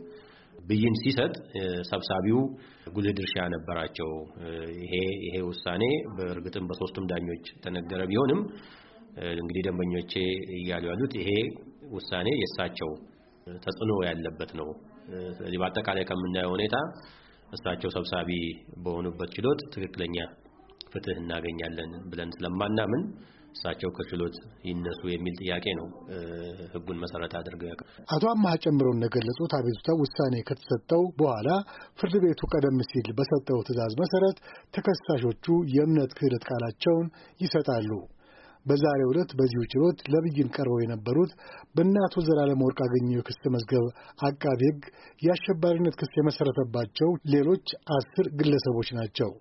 ብይን ሲሰጥ ሰብሳቢው ጉልህ ድርሻ ነበራቸው። ይሄ ይሄ ውሳኔ በእርግጥም በሶስቱም ዳኞች ተነገረ ቢሆንም እንግዲህ ደንበኞቼ እያሉ ያሉት ይሄ ውሳኔ የእሳቸው ተጽዕኖ ያለበት ነው። ስለዚህ በአጠቃላይ ከምናየው ሁኔታ እሳቸው ሰብሳቢ በሆኑበት ችሎት ትክክለኛ ፍትህ እናገኛለን ብለን ስለማናምን እሳቸው ከችሎት ይነሱ የሚል ጥያቄ ነው ህጉን መሰረት አድርገው ያቀ አቶ አማሀ ጨምረው እንደገለጹት አቤቱታው ውሳኔ ከተሰጠው በኋላ ፍርድ ቤቱ ቀደም ሲል በሰጠው ትዕዛዝ መሰረት ተከሳሾቹ የእምነት ክህደት ቃላቸውን ይሰጣሉ። በዛሬ ዕለት በዚሁ ችሎት ለብይን ቀርበው የነበሩት በእነ አቶ ዘላለም ወርቅ አገኘው የክስ መዝገብ አቃቢ ህግ የአሸባሪነት ክስ የመሰረተባቸው ሌሎች አስር ግለሰቦች ናቸው።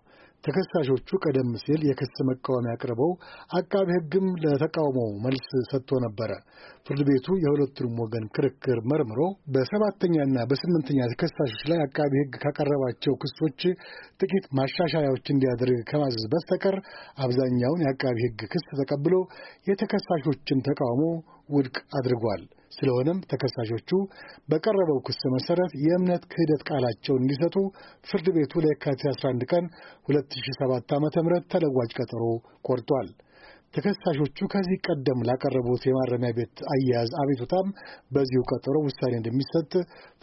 ተከሳሾቹ ቀደም ሲል የክስ መቃወሚያ አቅርበው አቃቢ ሕግም ለተቃውሞው መልስ ሰጥቶ ነበረ። ፍርድ ቤቱ የሁለቱንም ወገን ክርክር መርምሮ በሰባተኛና በስምንተኛ ተከሳሾች ላይ አቃቢ ሕግ ካቀረባቸው ክሶች ጥቂት ማሻሻያዎች እንዲያደርግ ከማዘዝ በስተቀር አብዛኛውን የአቃቢ ሕግ ክስ ተቀብሎ የተከሳሾችን ተቃውሞ ውድቅ አድርጓል። ስለሆነም ተከሳሾቹ በቀረበው ክስ መሠረት የእምነት ክህደት ቃላቸውን እንዲሰጡ ፍርድ ቤቱ ለየካቲት 11 ቀን 2007 ዓ ም ተለዋጭ ቀጠሮ ቆርጧል። ተከሳሾቹ ከዚህ ቀደም ላቀረቡት የማረሚያ ቤት አያያዝ አቤቱታም በዚሁ ቀጠሮ ውሳኔ እንደሚሰጥ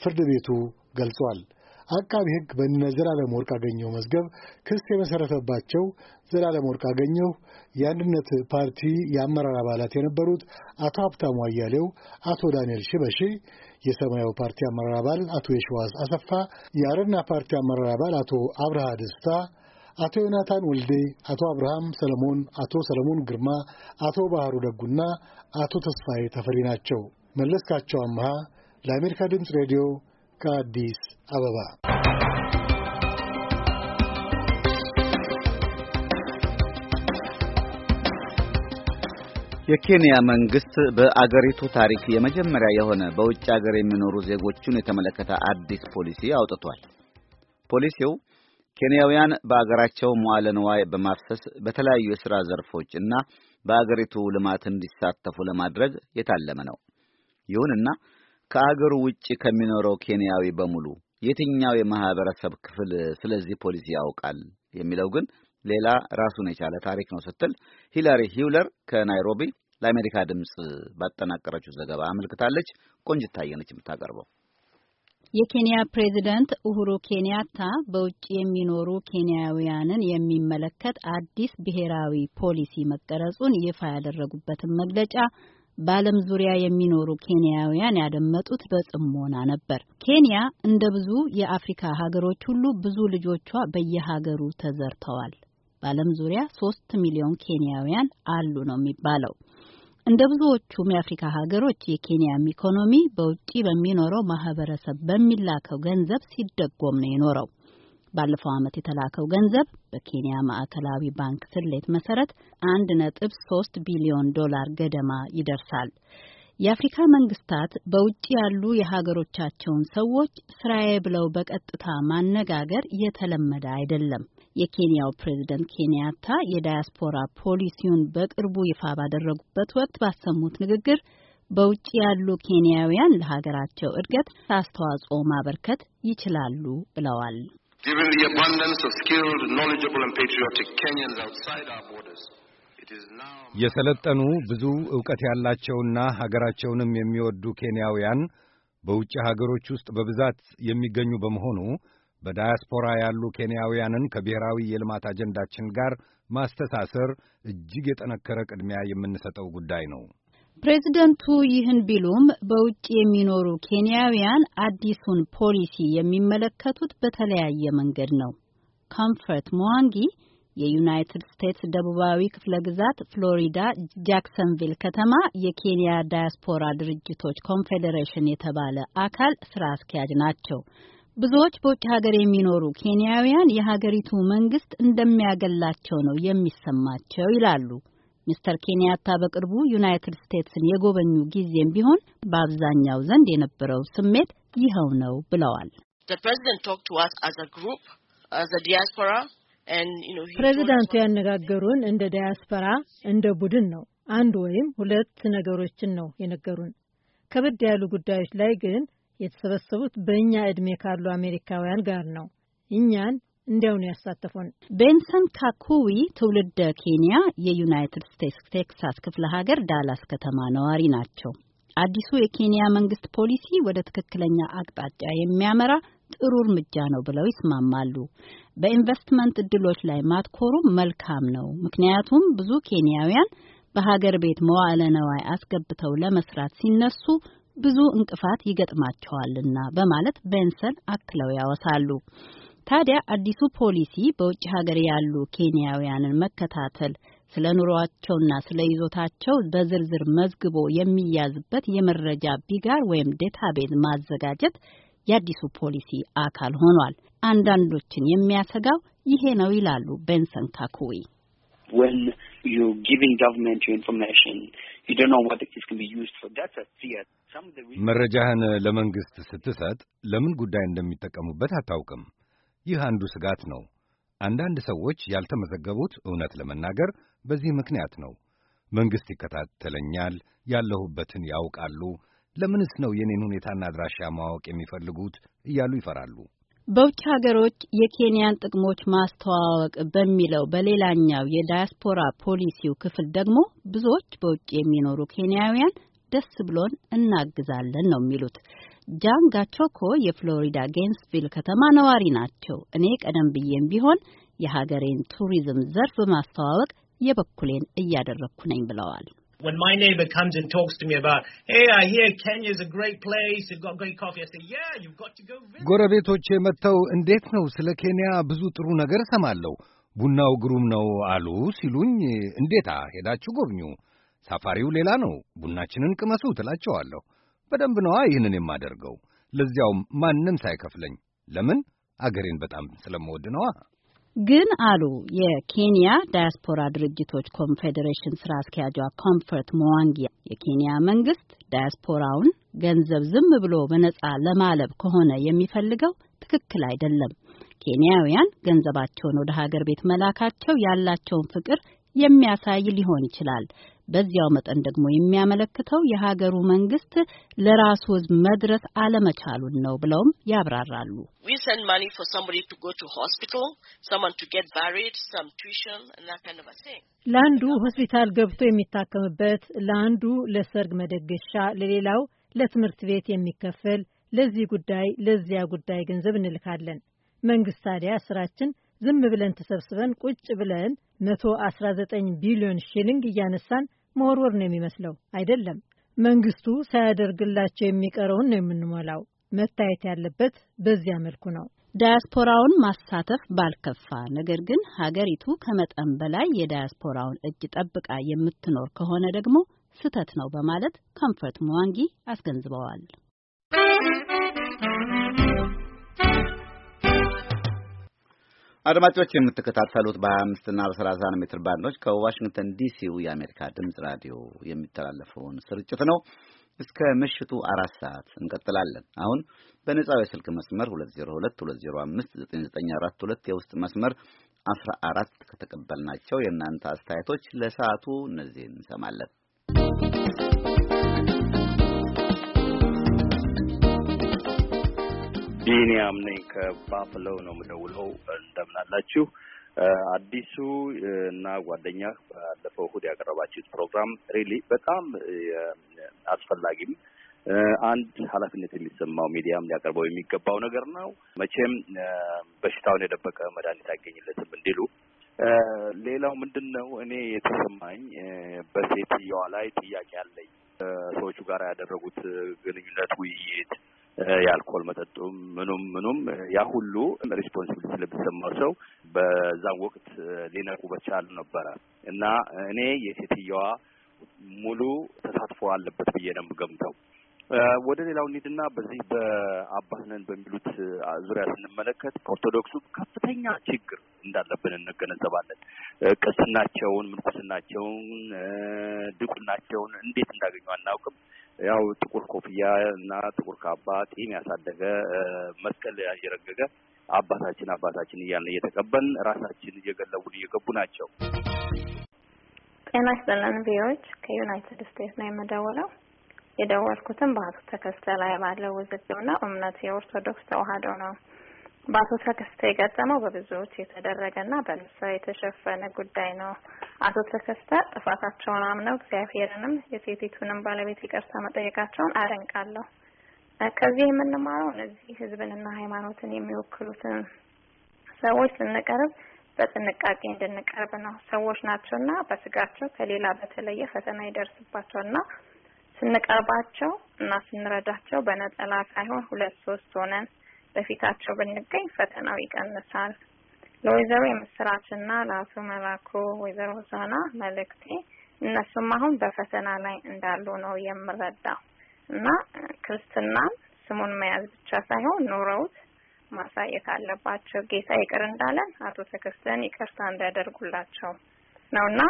ፍርድ ቤቱ ገልጿል። አቃቢ ሕግ በእነ ዘላለም ወርቅ አገኘው መዝገብ ክስ የመሠረተባቸው ዘላለም ወርቅ አገኘው፣ የአንድነት ፓርቲ የአመራር አባላት የነበሩት አቶ ሀብታሙ አያሌው፣ አቶ ዳንኤል ሽበሺ፣ የሰማያዊ ፓርቲ አመራር አባል አቶ የሸዋስ አሰፋ፣ የአረና ፓርቲ አመራር አባል አቶ አብርሃ ደስታ አቶ ዮናታን ወልዴ፣ አቶ አብርሃም ሰለሞን፣ አቶ ሰለሞን ግርማ፣ አቶ ባህሩ ደጉና አቶ ተስፋዬ ተፈሪ ናቸው። መለስካቸው አመሃ ለአሜሪካ ድምፅ ሬዲዮ ከአዲስ አበባ የኬንያ መንግስት በአገሪቱ ታሪክ የመጀመሪያ የሆነ በውጭ አገር የሚኖሩ ዜጎቹን የተመለከተ አዲስ ፖሊሲ አውጥቷል። ፖሊሲው ኬንያውያን በአገራቸው መዋለ ንዋይ በማፍሰስ በተለያዩ የሥራ ዘርፎች እና በአገሪቱ ልማት እንዲሳተፉ ለማድረግ የታለመ ነው። ይሁንና ከአገሩ ውጭ ከሚኖረው ኬንያዊ በሙሉ የትኛው የማህበረሰብ ክፍል ስለዚህ ፖሊሲ ያውቃል የሚለው ግን ሌላ ራሱን የቻለ ታሪክ ነው ስትል ሂላሪ ሂውለር ከናይሮቢ ለአሜሪካ ድምፅ ባጠናቀረችው ዘገባ አመልክታለች። ቆንጅት ታየነች የምታቀርበው። የኬንያ ፕሬዚደንት ኡሁሩ ኬንያታ በውጭ የሚኖሩ ኬንያውያንን የሚመለከት አዲስ ብሔራዊ ፖሊሲ መቀረጹን ይፋ ያደረጉበትን መግለጫ በዓለም ዙሪያ የሚኖሩ ኬንያውያን ያደመጡት በጽሞና ነበር። ኬንያ እንደ ብዙ የአፍሪካ ሀገሮች ሁሉ ብዙ ልጆቿ በየሀገሩ ተዘርተዋል። በዓለም ዙሪያ ሶስት ሚሊዮን ኬንያውያን አሉ ነው የሚባለው። እንደ ብዙዎቹም የአፍሪካ ሀገሮች የኬንያም ኢኮኖሚ በውጭ በሚኖረው ማህበረሰብ በሚላከው ገንዘብ ሲደጎም ነው የኖረው። ባለፈው ዓመት የተላከው ገንዘብ በኬንያ ማዕከላዊ ባንክ ስሌት መሰረት አንድ ነጥብ ሶስት ቢሊዮን ዶላር ገደማ ይደርሳል። የአፍሪካ መንግስታት በውጭ ያሉ የሀገሮቻቸውን ሰዎች ስራዬ ብለው በቀጥታ ማነጋገር የተለመደ አይደለም። የኬንያው ፕሬዝደንት ኬንያታ የዳያስፖራ ፖሊሲውን በቅርቡ ይፋ ባደረጉበት ወቅት ባሰሙት ንግግር በውጭ ያሉ ኬንያውያን ለሀገራቸው እድገት አስተዋጽኦ ማበርከት ይችላሉ ብለዋል። የሰለጠኑ ብዙ ዕውቀት ያላቸውና ሀገራቸውንም የሚወዱ ኬንያውያን በውጭ ሀገሮች ውስጥ በብዛት የሚገኙ በመሆኑ በዳያስፖራ ያሉ ኬንያውያንን ከብሔራዊ የልማት አጀንዳችን ጋር ማስተሳሰር እጅግ የጠነከረ ቅድሚያ የምንሰጠው ጉዳይ ነው። ፕሬዚደንቱ ይህን ቢሉም በውጭ የሚኖሩ ኬንያውያን አዲሱን ፖሊሲ የሚመለከቱት በተለያየ መንገድ ነው። ኮምፈርት ሞዋንጊ የዩናይትድ ስቴትስ ደቡባዊ ክፍለ ግዛት ፍሎሪዳ ጃክሰንቪል ከተማ የኬንያ ዳያስፖራ ድርጅቶች ኮንፌዴሬሽን የተባለ አካል ስራ አስኪያጅ ናቸው። ብዙዎች በውጭ ሀገር የሚኖሩ ኬንያውያን የሀገሪቱ መንግስት እንደሚያገላቸው ነው የሚሰማቸው ይላሉ። ሚስተር ኬንያታ በቅርቡ ዩናይትድ ስቴትስን የጎበኙ ጊዜም ቢሆን በአብዛኛው ዘንድ የነበረው ስሜት ይኸው ነው ብለዋል። ፕሬዚዳንቱ ያነጋገሩን እንደ ዳያስፖራ እንደ ቡድን ነው። አንድ ወይም ሁለት ነገሮችን ነው የነገሩን። ከበድ ያሉ ጉዳዮች ላይ ግን የተሰበሰቡት በእኛ ዕድሜ ካሉ አሜሪካውያን ጋር ነው። እኛን እንዲያውኑ ያሳተፉን። ቤንሰን ካኩዊ ትውልደ ኬንያ የዩናይትድ ስቴትስ ቴክሳስ ክፍለ ሀገር ዳላስ ከተማ ነዋሪ ናቸው። አዲሱ የኬንያ መንግስት ፖሊሲ ወደ ትክክለኛ አቅጣጫ የሚያመራ ጥሩ እርምጃ ነው ብለው ይስማማሉ። በኢንቨስትመንት እድሎች ላይ ማትኮሩ መልካም ነው፣ ምክንያቱም ብዙ ኬንያውያን በሀገር ቤት መዋዕለ ነዋይ አስገብተው ለመስራት ሲነሱ ብዙ እንቅፋት ይገጥማቸዋልና በማለት ቤንሰን አክለው ያወሳሉ። ታዲያ አዲሱ ፖሊሲ በውጭ ሀገር ያሉ ኬንያውያንን መከታተል ስለ ኑሯቸውና ስለ ይዞታቸው በዝርዝር መዝግቦ የሚያዝበት የመረጃ ቢጋር ወይም ዴታቤዝ ማዘጋጀት የአዲሱ ፖሊሲ አካል ሆኗል። አንዳንዶችን የሚያሰጋው ይሄ ነው ይላሉ ቤንሰን ካኩዊ። መረጃህን ለመንግሥት ስትሰጥ ለምን ጉዳይ እንደሚጠቀሙበት አታውቅም። ይህ አንዱ ስጋት ነው። አንዳንድ ሰዎች ያልተመዘገቡት እውነት ለመናገር በዚህ ምክንያት ነው። መንግሥት ይከታተለኛል፣ ያለሁበትን ያውቃሉ፣ ለምንስ ነው የኔን ሁኔታና አድራሻ ማወቅ የሚፈልጉት እያሉ ይፈራሉ። በውጭ ሀገሮች የኬንያን ጥቅሞች ማስተዋወቅ በሚለው በሌላኛው የዳያስፖራ ፖሊሲው ክፍል ደግሞ ብዙዎች በውጭ የሚኖሩ ኬንያውያን ደስ ብሎን እናግዛለን ነው የሚሉት። ጃን ጋቾኮ የፍሎሪዳ ጌንስቪል ከተማ ነዋሪ ናቸው። እኔ ቀደም ብዬም ቢሆን የሀገሬን ቱሪዝም ዘርፍ በማስተዋወቅ የበኩሌን እያደረግኩ ነኝ ብለዋል። When my neighbor comes and talks to me about, hey, I hear Kenya is a great place, you've got great coffee, I say, yeah, you've got to go visit. ጎረቤቶቼ መጥተው እንዴት ነው ስለ ኬንያ ብዙ ጥሩ ነገር እሰማለሁ፣ ቡናው ግሩም ነው አሉ ሲሉኝ፣ እንዴታ ሄዳችሁ ጎብኙ፣ ሳፋሪው ሌላ ነው፣ ቡናችንን ቅመሱ ትላቸዋለሁ። በደንብ ነዋ ይህንን የማደርገው፣ ለዚያውም ማንም ሳይከፍለኝ። ለምን? አገሬን በጣም ስለምወድ ነዋ። ግን አሉ የኬንያ ዳያስፖራ ድርጅቶች ኮንፌዴሬሽን ስራ አስኪያጇ ኮምፈርት ሞዋንጊ፣ የኬንያ መንግስት ዳያስፖራውን ገንዘብ ዝም ብሎ በነጻ ለማለብ ከሆነ የሚፈልገው ትክክል አይደለም። ኬንያውያን ገንዘባቸውን ወደ ሀገር ቤት መላካቸው ያላቸውን ፍቅር የሚያሳይ ሊሆን ይችላል። በዚያው መጠን ደግሞ የሚያመለክተው የሀገሩ መንግስት ለራሱ ህዝብ መድረስ አለመቻሉን ነው ብለውም ያብራራሉ። ለአንዱ ሆስፒታል ገብቶ የሚታከምበት፣ ለአንዱ ለሰርግ መደገሻ፣ ለሌላው ለትምህርት ቤት የሚከፈል ለዚህ ጉዳይ ለዚያ ጉዳይ ገንዘብ እንልካለን። መንግስት ታዲያ ስራችን ዝም ብለን ተሰብስበን ቁጭ ብለን 119 ቢሊዮን ሺሊንግ እያነሳን መወርወር ነው የሚመስለው አይደለም። መንግስቱ ሳያደርግላቸው የሚቀረውን ነው የምንሞላው። መታየት ያለበት በዚያ መልኩ ነው። ዳያስፖራውን ማሳተፍ ባልከፋ፣ ነገር ግን ሀገሪቱ ከመጠን በላይ የዳያስፖራውን እጅ ጠብቃ የምትኖር ከሆነ ደግሞ ስህተት ነው በማለት ከምፈርት ሙዋንጊ አስገንዝበዋል። አድማጮች የምትከታተሉት በ25 እና በ 30 ሜትር ባንዶች ከዋሽንግተን ዲሲው የአሜሪካ ድምፅ ራዲዮ የሚተላለፈውን ስርጭት ነው። እስከ ምሽቱ አራት ሰዓት እንቀጥላለን። አሁን በነጻው የስልክ መስመር 2022059942 የውስጥ መስመር 14 ከተቀበልናቸው የእናንተ አስተያየቶች ለሰዓቱ እነዚህ እንሰማለን። ቢኒያም ነኝ ከባፍሎ ነው የምደውለው። እንደምናላችሁ አዲሱ እና ጓደኛ ባለፈው እሁድ ያቀረባችሁት ፕሮግራም ሪሊ በጣም አስፈላጊም አንድ ኃላፊነት የሚሰማው ሚዲያም ሊያቀርበው የሚገባው ነገር ነው። መቼም በሽታውን የደበቀ መድኃኒት አይገኝለትም እንዲሉ ሌላው ምንድን ነው እኔ የተሰማኝ በሴትየዋ ላይ ጥያቄ አለኝ። ሰዎቹ ጋር ያደረጉት ግንኙነት ውይይት የአልኮል መጠጡም ምኑም ምኑም ያ ሁሉ ሪስፖንሲብል ስለሚሰማው ሰው በዛን ወቅት ሊነቁ በቻሉ ነበረ እና እኔ የሴትየዋ ሙሉ ተሳትፎ አለበት ብዬ ነው የምገምተው። ወደ ሌላው እንሂድና በዚህ በአባትነን በሚሉት ዙሪያ ስንመለከት ከኦርቶዶክሱ ከፍተኛ ችግር እንዳለብን እንገነዘባለን። ቅስናቸውን፣ ምንኩስናቸውን፣ ድቁናቸውን እንዴት እንዳገኙ አናውቅም። ያው ጥቁር ኮፍያ እና ጥቁር ካባ ጢም ያሳደገ መስቀል ያየረገገ አባታችን አባታችን እያልን እየተቀበልን ራሳችን እየገለቡን እየገቡ ናቸው። ጤና ይስጥልን ቪዎች ከዩናይትድ ስቴትስ ነው የምደውለው። የደወልኩትም በአቶ ተከስተ ላይ ባለው ውዝግብ ነው። እምነት የኦርቶዶክስ ተዋህዶ ነው። በአቶ ተከስተ የገጠመው በብዙዎች የተደረገ የተደረገና በንስሐ የተሸፈነ ጉዳይ ነው። አቶ ተከስተ ጥፋታቸውን አምነው እግዚአብሔርንም የሴቲቱንም ባለቤት ይቅርታ መጠየቃቸውን አደንቃለሁ። ከዚህ የምንማረው እነዚህ ህዝብንና ሃይማኖትን የሚወክሉትን ሰዎች ስንቀርብ በጥንቃቄ እንድንቀርብ ነው። ሰዎች ናቸውና በስጋቸው ከሌላ በተለየ ፈተና ይደርስባቸውና ስንቀርባቸው እና ስንረዳቸው በነጠላ ሳይሆን ሁለት ሶስት ሆነን በፊታቸው ብንገኝ ፈተናው ይቀንሳል። ለወይዘሮ የምስራችና ለአቶ መላኩ ወይዘሮ ዛና መልእክቴ እነሱም አሁን በፈተና ላይ እንዳሉ ነው የምረዳው እና ክርስትናን ስሙን መያዝ ብቻ ሳይሆን ኑረውት ማሳየት አለባቸው። ጌታ ይቅር እንዳለን አቶ ተክርስቲያን ይቅርታ እንዲያደርጉላቸው እና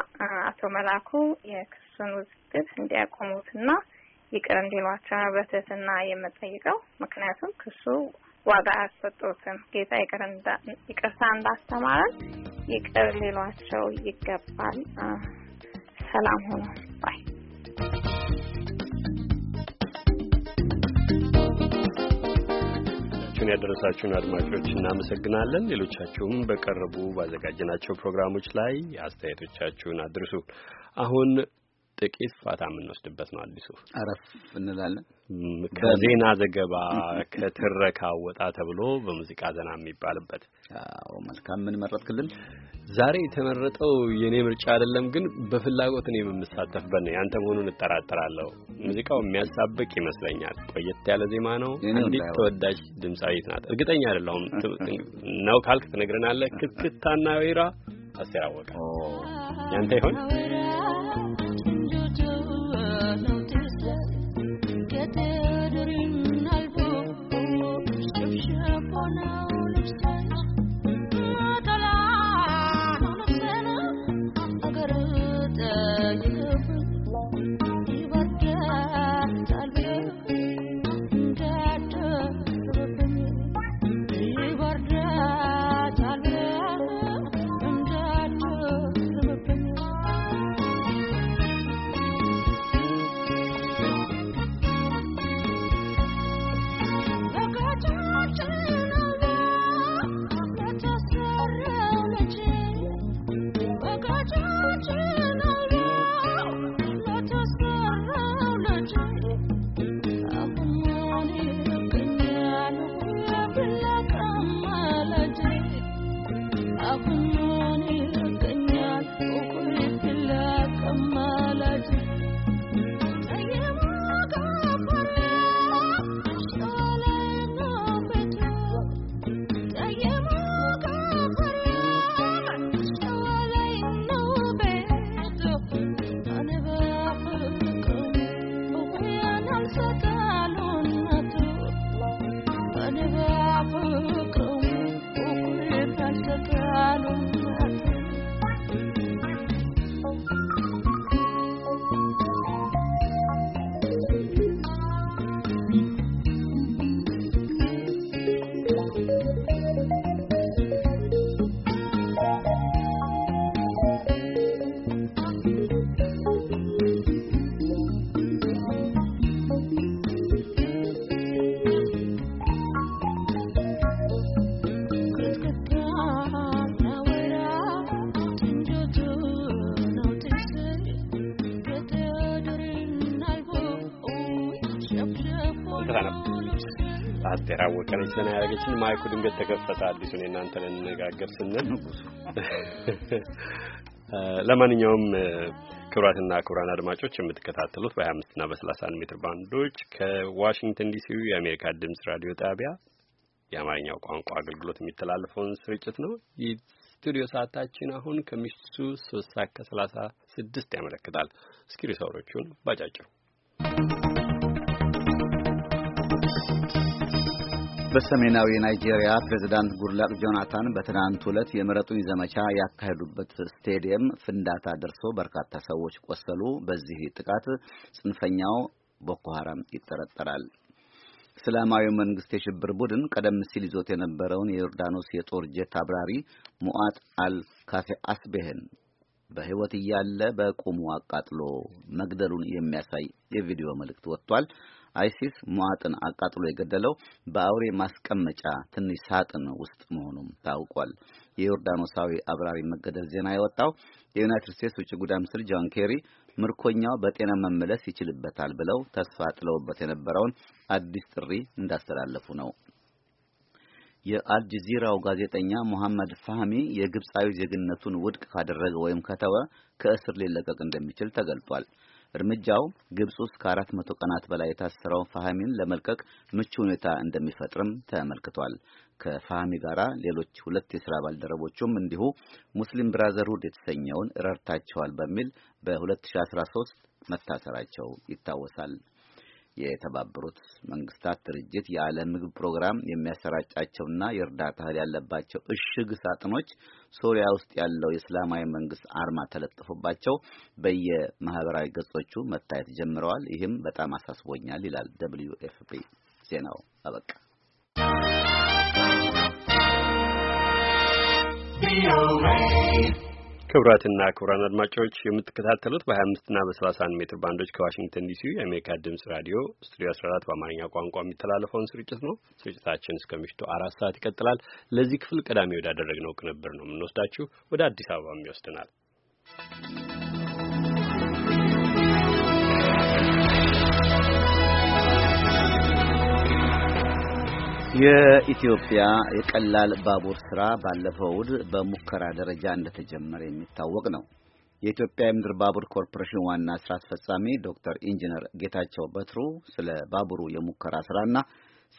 አቶ መላኩ የክሱን ውዝግብ እንዲያቆሙትና ይቅር እንዲሏቸው በትህትና የምጠይቀው ምክንያቱም ክሱ ዋጋ አያሰጡትም። ጌታ ይቅርታ እንዳስተማረን ይቅር ሌሏቸው ይገባል። ሰላም ሆኖ ባይ ያደረሳችሁን አድማጮች እናመሰግናለን። ሌሎቻችሁም በቀረቡ ባዘጋጀናቸው ፕሮግራሞች ላይ አስተያየቶቻችሁን አድርሱ። አሁን ጥቂት ፋታ የምንወስድበት ነው። አዲሱ አረፍ እንላለን። ከዜና ዘገባ ከትረካ ወጣ ተብሎ በሙዚቃ ዘና የሚባልበት። አዎ መልካም። ምን መረጥክልን ዛሬ? የተመረጠው የኔ ምርጫ አይደለም፣ ግን በፍላጎት እኔ የምሳተፍበት ነው። ያንተ መሆኑን እጠራጠራለሁ። ሙዚቃው የሚያሳብቅ ይመስለኛል። ቆየት ያለ ዜማ ነው። አንዲት ተወዳጅ ድምፃዊት ናት። እርግጠኛ አይደለሁም። ነው ካልክ ትነግረናለህ። ክትክታና ወይራ አስተራወቀ ያንተ ይሆን? ሁለታችን ማይኩ ድንገት ተከፈተ። አዲሱ እኔ እናንተ ልንነጋገር ስንል ለማንኛውም ክቡራትና ክቡራን አድማጮች የምትከታተሉት በ25 እና በ31 ሜትር ባንዶች ከዋሽንግተን ዲሲ የአሜሪካ ድምጽ ራዲዮ ጣቢያ የአማርኛው ቋንቋ አገልግሎት የሚተላለፈውን ስርጭት ነው። የስቱዲዮ ሰዓታችን አሁን ከምሽቱ 3 ሰዓት ከ36 ያመለክታል። እስኪ ሪሶሮቹን ባጫጭሩ በሰሜናዊ ናይጄሪያ ፕሬዝዳንት ጉድላቅ ጆናታን በትናንት ሁለት የምረጡኝ ዘመቻ ያካሄዱበት ስቴዲየም ፍንዳታ ደርሶ በርካታ ሰዎች ቆሰሉ። በዚህ ጥቃት ጽንፈኛው ቦኮ ሐራም ይጠረጠራል። እስላማዊ መንግስት የሽብር ቡድን ቀደም ሲል ይዞት የነበረውን የዮርዳኖስ የጦር ጀት አብራሪ ሙአት አል ካሴ አስቤህን በሕይወት እያለ በቁሙ አቃጥሎ መግደሉን የሚያሳይ የቪዲዮ መልእክት ወጥቷል። አይሲስ መዋጥን አቃጥሎ የገደለው በአውሬ ማስቀመጫ ትንሽ ሳጥን ውስጥ መሆኑም ታውቋል። የዮርዳኖሳዊ አብራሪ መገደል ዜና የወጣው የዩናይትድ ስቴትስ ውጭ ጉዳይ ሚኒስትር ጆን ኬሪ ምርኮኛው በጤና መመለስ ይችልበታል ብለው ተስፋ ጥለውበት የነበረውን አዲስ ጥሪ እንዳስተላለፉ ነው። የአልጀዚራው ጋዜጠኛ ሙሐመድ ፋህሚ የግብፃዊ ዜግነቱን ውድቅ ካደረገ ወይም ከተወ ከእስር ሊለቀቅ እንደሚችል ተገልጧል። እርምጃው ግብጽ ውስጥ ከአራት መቶ ቀናት በላይ የታሰረው ፋህሚን ለመልቀቅ ምቹ ሁኔታ እንደሚፈጥርም ተመልክቷል። ከፋህሚ ጋር ሌሎች ሁለት የስራ ባልደረቦቹም እንዲሁ ሙስሊም ብራዘርሁድ የተሰኘውን ረድታቸዋል በሚል በ2013 መታሰራቸው ይታወሳል። የተባበሩት መንግስታት ድርጅት የዓለም ምግብ ፕሮግራም የሚያሰራጫቸውና የእርዳታ እህል ያለባቸው እሽግ ሳጥኖች ሶሪያ ውስጥ ያለው የእስላማዊ መንግስት አርማ ተለጥፎባቸው በየማህበራዊ ገጾቹ መታየት ጀምረዋል። ይህም በጣም አሳስቦኛል ይላል ደብልዩ ኤፍ ፒ። ዜናው አበቃ። ክቡራትና ክቡራን አድማጮች የምትከታተሉት በ25ና በ31 ሜትር ባንዶች ከዋሽንግተን ዲሲ የአሜሪካ ድምጽ ራዲዮ ስቱዲዮ 14 በአማርኛ ቋንቋ የሚተላለፈውን ስርጭት ነው። ስርጭታችን እስከ ምሽቱ አራት ሰዓት ይቀጥላል። ለዚህ ክፍል ቀዳሚ ወዳደረግነው ቅንብር ነው የምንወስዳችሁ። ወደ አዲስ አበባም ይወስድናል። የኢትዮጵያ የቀላል ባቡር ስራ ባለፈው እሁድ በሙከራ ደረጃ እንደተጀመረ የሚታወቅ ነው። የኢትዮጵያ የምድር ባቡር ኮርፖሬሽን ዋና ስራ አስፈጻሚ ዶክተር ኢንጂነር ጌታቸው በትሩ ስለ ባቡሩ የሙከራ ስራና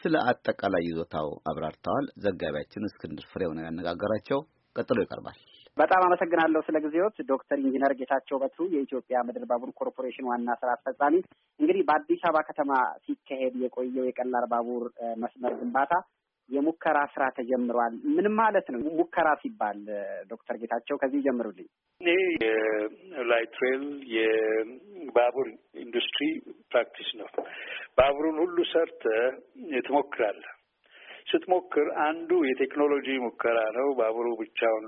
ስለ አጠቃላይ ይዞታው አብራርተዋል። ዘጋቢያችን እስክንድር ፍሬው ነው ያነጋገራቸው። ቀጥሎ ይቀርባል። በጣም አመሰግናለሁ ስለ ጊዜዎት ዶክተር ኢንጂነር ጌታቸው በቱ የኢትዮጵያ ምድር ባቡር ኮርፖሬሽን ዋና ስራ አስፈጻሚ። እንግዲህ በአዲስ አበባ ከተማ ሲካሄድ የቆየው የቀላል ባቡር መስመር ግንባታ የሙከራ ስራ ተጀምሯል። ምን ማለት ነው ሙከራ ሲባል? ዶክተር ጌታቸው ከዚህ ጀምሩልኝ። ይህ የላይት ሬል የባቡር ኢንዱስትሪ ፕራክቲስ ነው። ባቡሩን ሁሉ ሰርተ ትሞክራለህ ስትሞክር አንዱ የቴክኖሎጂ ሙከራ ነው። ባቡሩ ብቻውን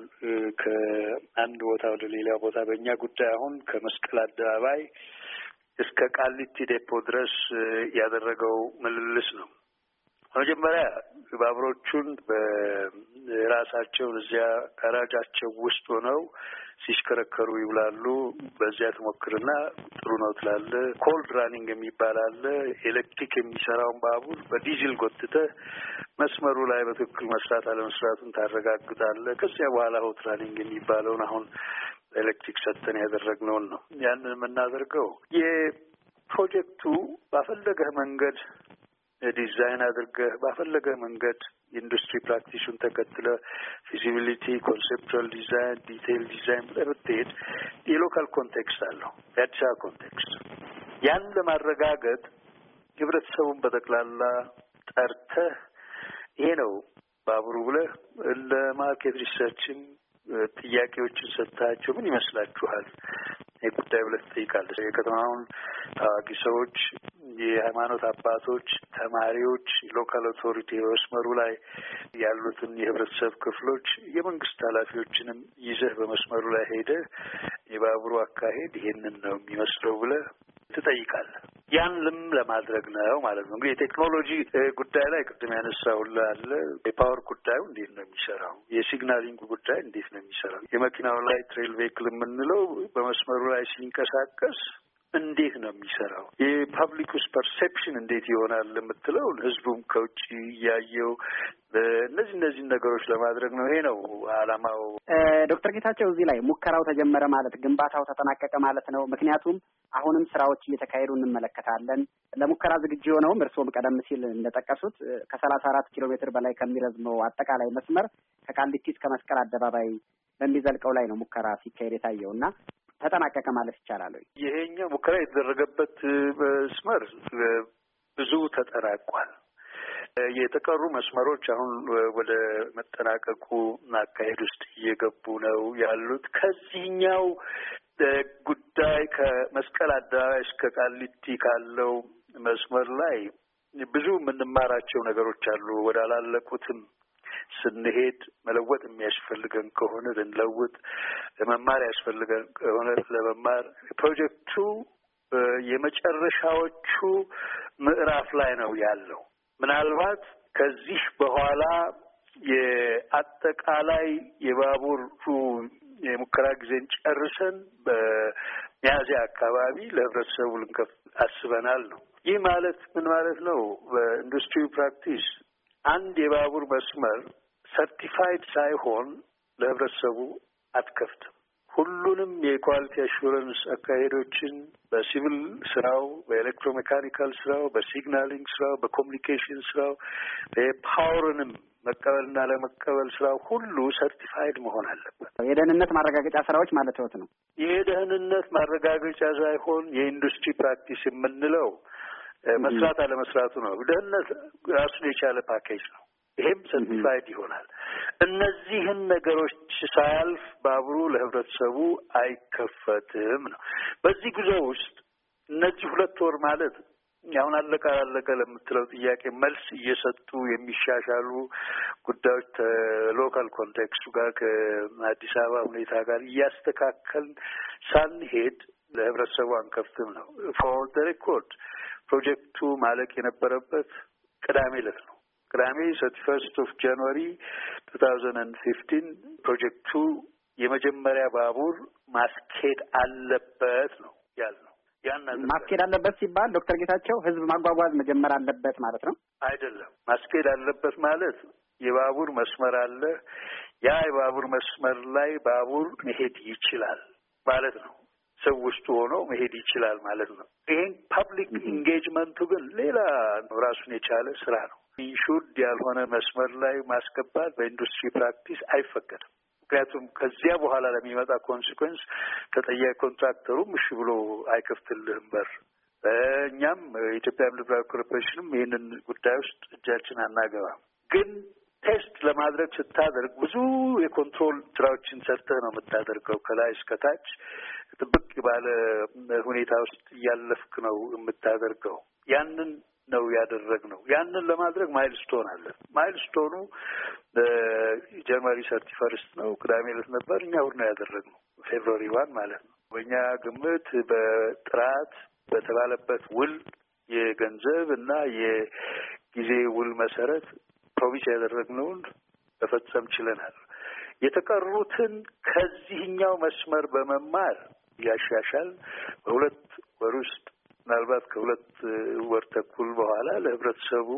ከአንድ ቦታ ወደ ሌላ ቦታ በእኛ ጉዳይ አሁን ከመስቀል አደባባይ እስከ ቃሊቲ ዴፖ ድረስ ያደረገው ምልልስ ነው። መጀመሪያ ባቡሮቹን በራሳቸውን እዚያ ጋራጃቸው ውስጥ ሆነው ሲሽከረከሩ ይውላሉ። በዚያ ትሞክርና ጥሩ ነው ትላለ። ኮልድ ራኒንግ የሚባል አለ። ኤሌክትሪክ የሚሰራውን ባቡር በዲዝል ጎትተ መስመሩ ላይ በትክክል መስራት አለመስራቱን ታረጋግጣለ። ከዚያ በኋላ ሆት ራኒንግ የሚባለውን አሁን ኤሌክትሪክ ሰተን ያደረግነውን ነው። ያንን የምናደርገው የፕሮጀክቱ ባፈለገህ መንገድ ዲዛይን አድርገህ ባፈለገህ መንገድ ኢንዱስትሪ ፕራክቲሽን ተከትለ ፊዚቢሊቲ፣ ኮንሴፕቹዋል ዲዛይን፣ ዲቴይል ዲዛይን ብለህ ብትሄድ የሎካል ኮንቴክስት አለው የአዲስ አበባ ኮንቴክስት። ያን ለማረጋገጥ ህብረተሰቡን በጠቅላላ ጠርተህ ይሄ ነው ባቡሩ ብለህ ለማርኬት ሪሰርችም ጥያቄዎችን ሰጥታቸው ምን ይመስላችኋል ይህ ጉዳይ ብለህ ትጠይቃለህ። የከተማውን ታዋቂ ሰዎች፣ የሃይማኖት አባቶች፣ ተማሪዎች፣ ሎካል ኦቶሪቲ መስመሩ ላይ ያሉትን የህብረተሰብ ክፍሎች፣ የመንግስት ኃላፊዎችንም ይዘህ በመስመሩ ላይ ሄደህ የባቡሩ አካሄድ ይሄንን ነው የሚመስለው ብለህ ያን ልም ለማድረግ ነው ማለት ነው። እንግዲህ የቴክኖሎጂ ጉዳይ ላይ ቅድም ያነሳሁልህ የፓወር ጉዳዩ እንዴት ነው የሚሰራው? የሲግናሊንግ ጉዳይ እንዴት ነው የሚሰራው? የመኪናው ላይ ትሬል ቬክል የምንለው በመስመሩ ላይ ሲንቀሳቀስ እንዴት ነው የሚሰራው? የፐብሊኩስ ፐርሴፕሽን እንዴት ይሆናል የምትለው ህዝቡም ከውጭ እያየው እነዚህ እነዚህ ነገሮች ለማድረግ ነው። ይሄ ነው አላማው። ዶክተር ጌታቸው እዚህ ላይ ሙከራው ተጀመረ ማለት ግንባታው ተጠናቀቀ ማለት ነው። ምክንያቱም አሁንም ስራዎች እየተካሄዱ እንመለከታለን። ለሙከራ ዝግጁ የሆነውም እርስዎም ቀደም ሲል እንደጠቀሱት ከሰላሳ አራት ኪሎ ሜትር በላይ ከሚረዝመው አጠቃላይ መስመር ከቃሊቲ እስከ መስቀል አደባባይ በሚዘልቀው ላይ ነው ሙከራ ሲካሄድ የታየው እና ተጠናቀቀ ማለት ይቻላል ወይ? ይሄኛው ሙከራ የተደረገበት መስመር ብዙ ተጠናቋል። የተቀሩ መስመሮች አሁን ወደ መጠናቀቁ አካሄድ ውስጥ እየገቡ ነው ያሉት። ከዚህኛው ጉዳይ ከመስቀል አደባባይ እስከ ቃሊቲ ካለው መስመር ላይ ብዙ የምንማራቸው ነገሮች አሉ። ወዳላለቁትም። ስንሄድ መለወጥ የሚያስፈልገን ከሆነ ልንለውጥ፣ መማር ያስፈልገን ከሆነ ለመማር ፕሮጀክቱ የመጨረሻዎቹ ምዕራፍ ላይ ነው ያለው። ምናልባት ከዚህ በኋላ የአጠቃላይ የባቡሩ የሙከራ ጊዜን ጨርሰን በሚያዝያ አካባቢ ለህብረተሰቡ ልንከፍ አስበናል ነው። ይህ ማለት ምን ማለት ነው? በኢንዱስትሪ ፕራክቲስ አንድ የባቡር መስመር ሰርቲፋይድ ሳይሆን ለህብረተሰቡ አትከፍትም። ሁሉንም የኳሊቲ አሹረንስ አካሄዶችን በሲቪል ስራው፣ በኤሌክትሮሜካኒካል ስራው፣ በሲግናሊንግ ስራው፣ በኮሚኒኬሽን ስራው፣ በፓወርንም መቀበልና ለመቀበል ስራ ሁሉ ሰርቲፋይድ መሆን አለበት። የደህንነት ማረጋገጫ ስራዎች ማለት ህይወት ነው። የደህንነት ማረጋገጫ ሳይሆን የኢንዱስትሪ ፕራክቲስ የምንለው መስራት አለመስራቱ ነው። ደህንነት ራሱን የቻለ ፓኬጅ ነው። ይሄም ሰርቲፋይድ ይሆናል። እነዚህን ነገሮች ሳያልፍ ባቡሩ ለህብረተሰቡ አይከፈትም ነው። በዚህ ጉዞ ውስጥ እነዚህ ሁለት ወር ማለት አሁን አለቀ አላለቀ ለምትለው ጥያቄ መልስ እየሰጡ የሚሻሻሉ ጉዳዮች ከሎካል ኮንቴክስቱ ጋር ከአዲስ አበባ ሁኔታ ጋር እያስተካከል ሳንሄድ ለህብረተሰቡ አንከፍትም ነው ፎር ደ ሬኮርድ ፕሮጀክቱ ማለቅ የነበረበት ቅዳሜ ዕለት ነው። ቅዳሜ ሰርቲ ፈርስት ኦፍ ጃንዋሪ ቱ ታውዘንድ ፊፍቲን ፕሮጀክቱ የመጀመሪያ ባቡር ማስኬድ አለበት ነው ያልነው። ያን ማስኬድ አለበት ሲባል ዶክተር ጌታቸው ህዝብ ማጓጓዝ መጀመር አለበት ማለት ነው አይደለም። ማስኬድ አለበት ማለት የባቡር መስመር አለ። ያ የባቡር መስመር ላይ ባቡር መሄድ ይችላል ማለት ነው። ሰው ውስጡ ሆኖ መሄድ ይችላል ማለት ነው። ይህን ፐብሊክ ኢንጌጅመንቱ ግን ሌላ ራሱን የቻለ ስራ ነው። ኢንሹድ ያልሆነ መስመር ላይ ማስገባት በኢንዱስትሪ ፕራክቲስ አይፈቀድም። ምክንያቱም ከዚያ በኋላ ለሚመጣ ኮንሲኮንስ ተጠያቂ ኮንትራክተሩም እሺ ብሎ አይከፍትልህም በር። እኛም የኢትዮጵያ ሊብራል ኮርፖሬሽንም ይህንን ጉዳይ ውስጥ እጃችን አናገባም ግን ቴስት ለማድረግ ስታደርግ ብዙ የኮንትሮል ስራዎችን ሰርተህ ነው የምታደርገው። ከላይ እስከ ታች ጥብቅ ባለ ሁኔታ ውስጥ እያለፍክ ነው የምታደርገው። ያንን ነው ያደረግነው። ያንን ለማድረግ ማይልስቶን አለ። ማይልስቶኑ ጃንዋሪ ሰርቲ ፈርስት ነው፣ ቅዳሜ ዕለት ነበር። እኛ እሑድ ነው ያደረግነው፣ ፌብሩዋሪ ዋን ማለት ነው። በእኛ ግምት በጥራት በተባለበት ውል የገንዘብ እና የጊዜ ውል መሰረት ፕሮቪዥ ያደረግነውን መፈጸም ችለናል። የተቀሩትን ከዚህኛው መስመር በመማር ያሻሻል በሁለት ወር ውስጥ ምናልባት ከሁለት ወር ተኩል በኋላ ለህብረተሰቡ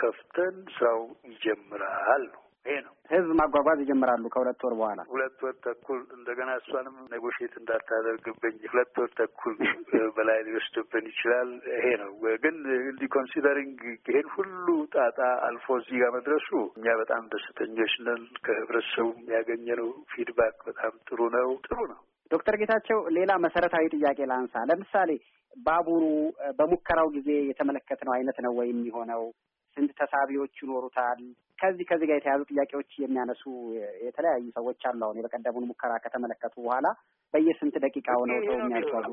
ከፍተን ስራው ይጀምራል ነው። ይሄ ነው። ህዝብ ማጓጓዝ ይጀምራሉ ከሁለት ወር በኋላ ሁለት ወር ተኩል እንደገና እሷንም ኔጎሽት እንዳታደርግብኝ ሁለት ወር ተኩል በላይ ሊወስድብን ይችላል። ይሄ ነው ግን እንዲህ ኮንሲደሪንግ ይሄን ሁሉ ጣጣ አልፎ እዚህ ጋር መድረሱ እኛ በጣም ደስተኞች ነን። ከህብረተሰቡ ያገኘነው ፊድባክ በጣም ጥሩ ነው ጥሩ ነው። ዶክተር ጌታቸው ሌላ መሰረታዊ ጥያቄ ላንሳ። ለምሳሌ ባቡሩ በሙከራው ጊዜ የተመለከትነው አይነት ነው ወይም የሚሆነው ስንት ተሳቢዎች ይኖሩታል? ከዚህ ከዚህ ጋር የተያዙ ጥያቄዎች የሚያነሱ የተለያዩ ሰዎች አሉ። አሁን የበቀደሙን ሙከራ ከተመለከቱ በኋላ በየስንት ደቂቃ ነው ሰው የሚያጓጉ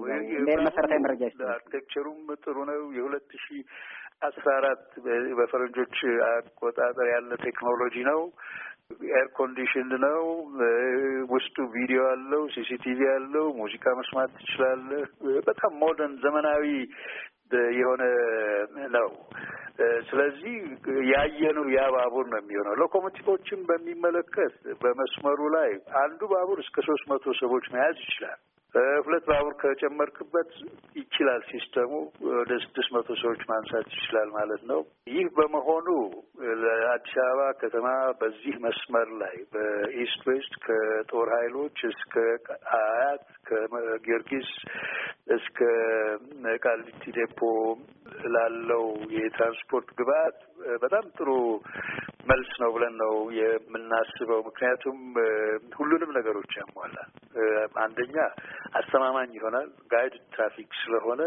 መሰረታዊ መረጃ ይስ አርክቴክቸሩም ጥሩ ነው። የሁለት ሺ አስራ አራት በፈረንጆች አቆጣጠር ያለ ቴክኖሎጂ ነው። ኤር ኮንዲሽን ነው። ውስጡ ቪዲዮ አለው፣ ሲሲቲቪ አለው። ሙዚቃ መስማት ትችላለህ። በጣም ሞደርን ዘመናዊ የሆነ ነው። ስለዚህ ያየነው ያ ባቡር ነው የሚሆነው። ሎኮሞቲቮችን በሚመለከት በመስመሩ ላይ አንዱ ባቡር እስከ ሶስት መቶ ሰዎች መያዝ ይችላል። ሁለት ባቡር ከጨመርክበት ይችላል ሲስተሙ ወደ ስድስት መቶ ሰዎች ማንሳት ይችላል ማለት ነው። ይህ በመሆኑ ለአዲስ አበባ ከተማ በዚህ መስመር ላይ በኢስት ዌስት ከጦር ኃይሎች እስከ አያት ከጊዮርጊስ እስከ ቃሊቲ ዴፖ ላለው የትራንስፖርት ግብአት በጣም ጥሩ መልስ ነው ብለን ነው የምናስበው። ምክንያቱም ሁሉንም ነገሮች ያሟላል። አንደኛ አስተማማኝ ይሆናል። ጋይድ ትራፊክ ስለሆነ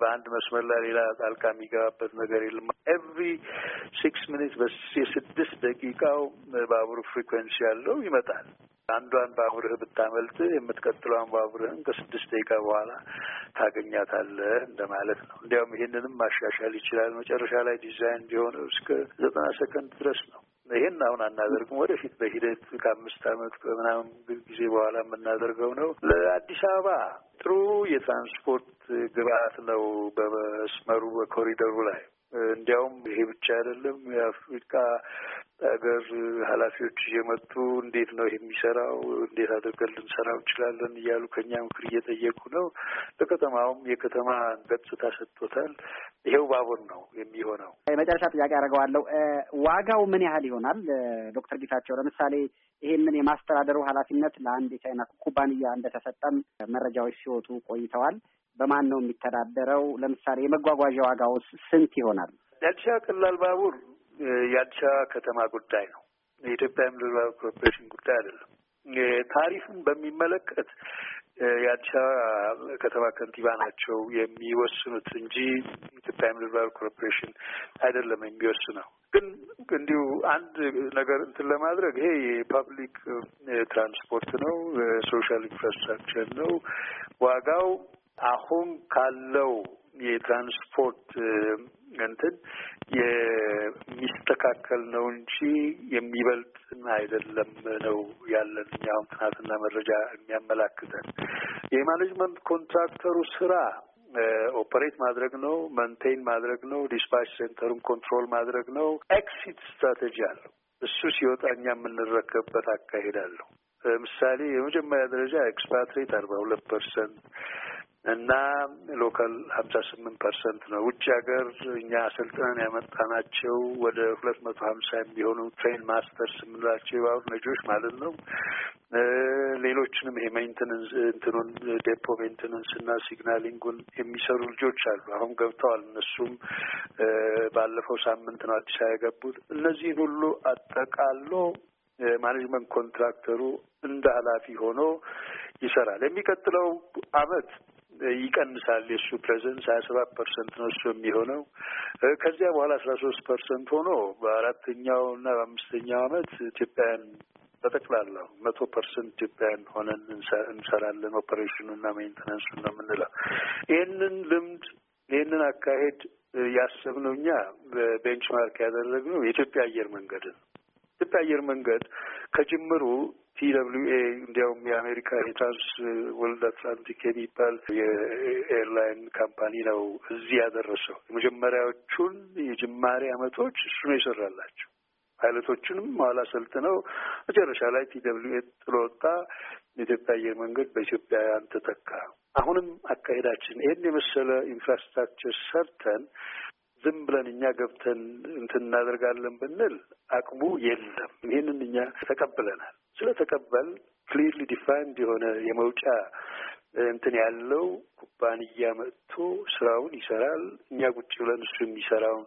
በአንድ መስመር ላይ ሌላ ጣልቃ የሚገባበት ነገር የለም። ኤቭሪ ሲክስ ሚኒት የስድስት ደቂቃው ባቡር ፍሪኩዌንሲ ያለው ይመጣል። አንዷን ባቡርህ ብታመልጥ የምትቀጥለዋን ባቡርህን ከስድስት ደቂቃ በኋላ ታገኛታለህ እንደማለት ነው። እንዲያውም ይህንንም ማሻሻል ይችላል። መጨረሻ ላይ ዲዛይን እንዲሆነ እስከ ዘጠና ሰከንድ ድረስ ነው። ይህን አሁን አናደርግም። ወደፊት በሂደት ከአምስት አመት ከምናምን ጊዜ በኋላ የምናደርገው ነው። ለአዲስ አበባ ጥሩ የትራንስፖርት ግብአት ነው በመስመሩ በኮሪደሩ ላይ እንዲያውም ይሄ ብቻ አይደለም። የአፍሪካ ሀገር ኃላፊዎች እየመጡ እንዴት ነው የሚሰራው፣ እንዴት አድርገን ልንሰራው እንችላለን እያሉ ከኛ ምክር እየጠየቁ ነው። ለከተማውም የከተማ ገጽታ ሰጥቶታል። ይሄው ባቡር ነው የሚሆነው። የመጨረሻ ጥያቄ አደርገዋለሁ። ዋጋው ምን ያህል ይሆናል? ዶክተር ጌታቸው ለምሳሌ ይሄንን የማስተዳደሩ ኃላፊነት ለአንድ የቻይና ኩባንያ እንደተሰጠም መረጃዎች ሲወጡ ቆይተዋል። በማን ነው የሚተዳደረው? ለምሳሌ የመጓጓዣ ዋጋውስ ስንት ይሆናል? የአዲስ አበባ ቀላል ባቡር የአዲስ አበባ ከተማ ጉዳይ ነው። የኢትዮጵያ ምድር ባቡር ኮርፖሬሽን ጉዳይ አይደለም። ታሪፍን በሚመለከት የአዲስ አበባ ከተማ ከንቲባ ናቸው የሚወስኑት እንጂ ኢትዮጵያ ምድር ባቡር ኮርፖሬሽን አይደለም የሚወስነው። ግን እንዲሁ አንድ ነገር እንትን ለማድረግ ይሄ የፓብሊክ ትራንስፖርት ነው፣ ሶሻል ኢንፍራስትራክቸር ነው። ዋጋው አሁን ካለው የትራንስፖርት እንትን የሚስተካከል ነው እንጂ የሚበልጥ አይደለም ነው ያለን አሁን ጥናትና መረጃ የሚያመላክተን። የማኔጅመንት ኮንትራክተሩ ስራ ኦፐሬት ማድረግ ነው፣ መንቴን ማድረግ ነው፣ ዲስፓች ሴንተሩን ኮንትሮል ማድረግ ነው። ኤክሲት ስትራቴጂ አለው። እሱ ሲወጣ እኛ የምንረከብበት አካሄድ አለው። ለምሳሌ የመጀመሪያ ደረጃ ኤክስፓትሬት አርባ ሁለት ፐርሰንት እና ሎካል ሀምሳ ስምንት ፐርሰንት ነው። ውጭ ሀገር እኛ አሰልጥነን ያመጣናቸው ወደ ሁለት መቶ ሀምሳ የሚሆኑ ትሬን ማስተርስ የምንላቸው የባሩ ነጆች ማለት ነው። ሌሎችንም ይሄ ሜንትንንስ እንትኑን ዴፖ ሜንትንንስ እና ሲግናሊንጉን የሚሰሩ ልጆች አሉ። አሁን ገብተዋል። እነሱም ባለፈው ሳምንት ነው አዲስ አበባ የገቡት። እነዚህን ሁሉ አጠቃሎ ማኔጅመንት ኮንትራክተሩ እንደ ኃላፊ ሆኖ ይሰራል። የሚቀጥለው አመት ይቀንሳል። የእሱ ፕሬዘንስ ሀያ ሰባት ፐርሰንት ነው እሱ የሚሆነው። ከዚያ በኋላ አስራ ሶስት ፐርሰንት ሆኖ በአራተኛው እና በአምስተኛው አመት ኢትዮጵያውያን በጠቅላላው መቶ ፐርሰንት ኢትዮጵያውያን ሆነን እንሰራለን። ኦፐሬሽኑ ኦፐሬሽኑና ሜንተናንሱ ነው የምንለው። ይህንን ልምድ ይህንን አካሄድ ያሰብነው እኛ በቤንችማርክ ያደረግነው የኢትዮጵያ አየር መንገድን ኢትዮጵያ አየር መንገድ ከጅምሩ ቲ ኤ እንዲያውም የአሜሪካ ኤታዝ ወልድ አትላንቲክ የሚባል የኤርላይን ካምፓኒ ነው እዚህ ያደረሰው። የመጀመሪያዎቹን የጅማሬ አመቶች እሱ ነው የሰራላቸው። ፓይለቶቹንም ኋላ ሰልጥነው መጨረሻ ላይ ቲ ኤ ጥሎ ወጣ። የኢትዮጵያ አየር መንገድ በኢትዮጵያውያን ተተካ። አሁንም አካሄዳችን ይህን የመሰለ ኢንፍራስትራክቸር ሰርተን ዝም ብለን እኛ ገብተን እንትን እናደርጋለን ብንል አቅሙ የለም። ይህንን እኛ ተቀብለናል። ስለተቀበል ክሊርሊ ዲፋይንድ የሆነ የመውጫ እንትን ያለው ኩባንያ መጥቶ ስራውን ይሰራል። እኛ ቁጭ ብለን እሱ የሚሰራውን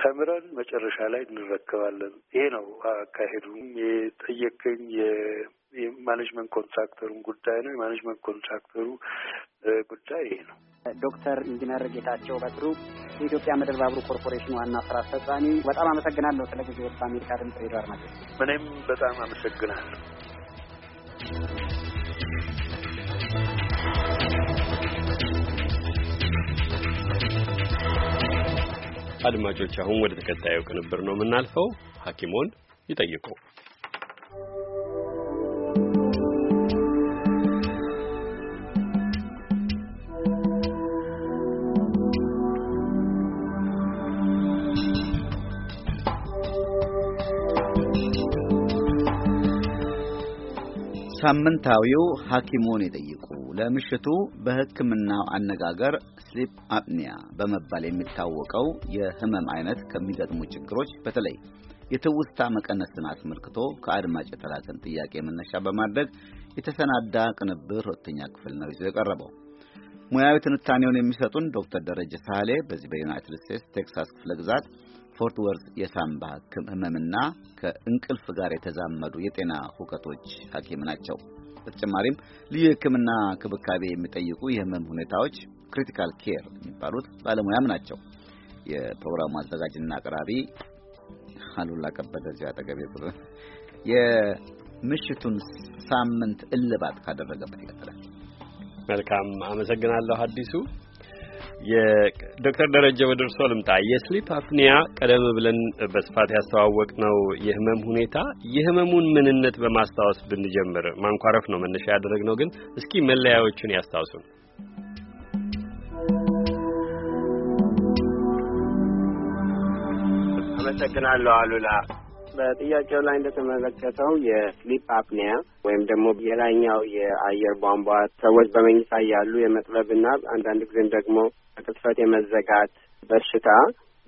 ተምረን መጨረሻ ላይ እንረከባለን። ይሄ ነው አካሄዱም። የጠየቀኝ የማኔጅመንት ኮንትራክተሩን ጉዳይ ነው። የማኔጅመንት ኮንትራክተሩ ጉዳይ ይሄ ነው። ዶክተር ኢንጂነር ጌታቸው በትሩ የኢትዮጵያ ምድር ባቡር ኮርፖሬሽን ዋና ስራ አስፈጻሚ፣ በጣም አመሰግናለሁ ስለ ጊዜ። በአሜሪካ ድምጽ ሬዲዮ አድማጮች እኔም በጣም አመሰግናለሁ። አድማጮች አሁን ወደ ተከታዩ ቅንብር ነው የምናልፈው። ሐኪሞን ይጠይቁ ሳምንታዊው ሐኪሙን ይጠይቁ ለምሽቱ በሕክምናው አነጋገር ስሊፕ አፕኒያ በመባል የሚታወቀው የህመም አይነት ከሚገጥሙ ችግሮች በተለይ የትውስታ መቀነስን አስመልክቶ ከአድማጭ የተላከን ጥያቄ መነሻ በማድረግ የተሰናዳ ቅንብር ሁለተኛ ክፍል ነው ይዞ የቀረበው። ሙያዊ ትንታኔውን የሚሰጡን ዶክተር ደረጀ ሳህሌ በዚህ በዩናይትድ ስቴትስ ቴክሳስ ክፍለ ግዛት ፎርት ወርዝ የሳምባ ህመምና ከእንቅልፍ ጋር የተዛመዱ የጤና ሁከቶች ሐኪም ናቸው። በተጨማሪም ልዩ የህክምና ክብካቤ የሚጠይቁ የህመም ሁኔታዎች ክሪቲካል ኬር የሚባሉት ባለሙያም ናቸው። የፕሮግራሙ አዘጋጅና አቅራቢ አሉላ ከበደ እዚሁ አጠገቤ የምሽቱን ሳምንት እልባት ካደረገበት ይቀጥላል። መልካም አመሰግናለሁ አዲሱ። የዶክተር ደረጀ ወደ እርሶ ልምጣ። የስሊፕ አፕኒያ ቀደም ብለን በስፋት ያስተዋወቅ ነው የህመም ሁኔታ። የህመሙን ምንነት በማስታወስ ብንጀምር ማንኳረፍ ነው መነሻ ያደረግነው፣ ግን እስኪ መለያዎቹን ያስታውሱን። አመሰግናለሁ አሉላ። በጥያቄው ላይ እንደተመለከተው የስሊፕ አፕኒያ ወይም ደግሞ የላይኛው የአየር ቧንቧ ሰዎች በመኝታ ያሉ የመጥለብና አንዳንድ ጊዜም ደግሞ በቅጥፈት የመዘጋት በሽታ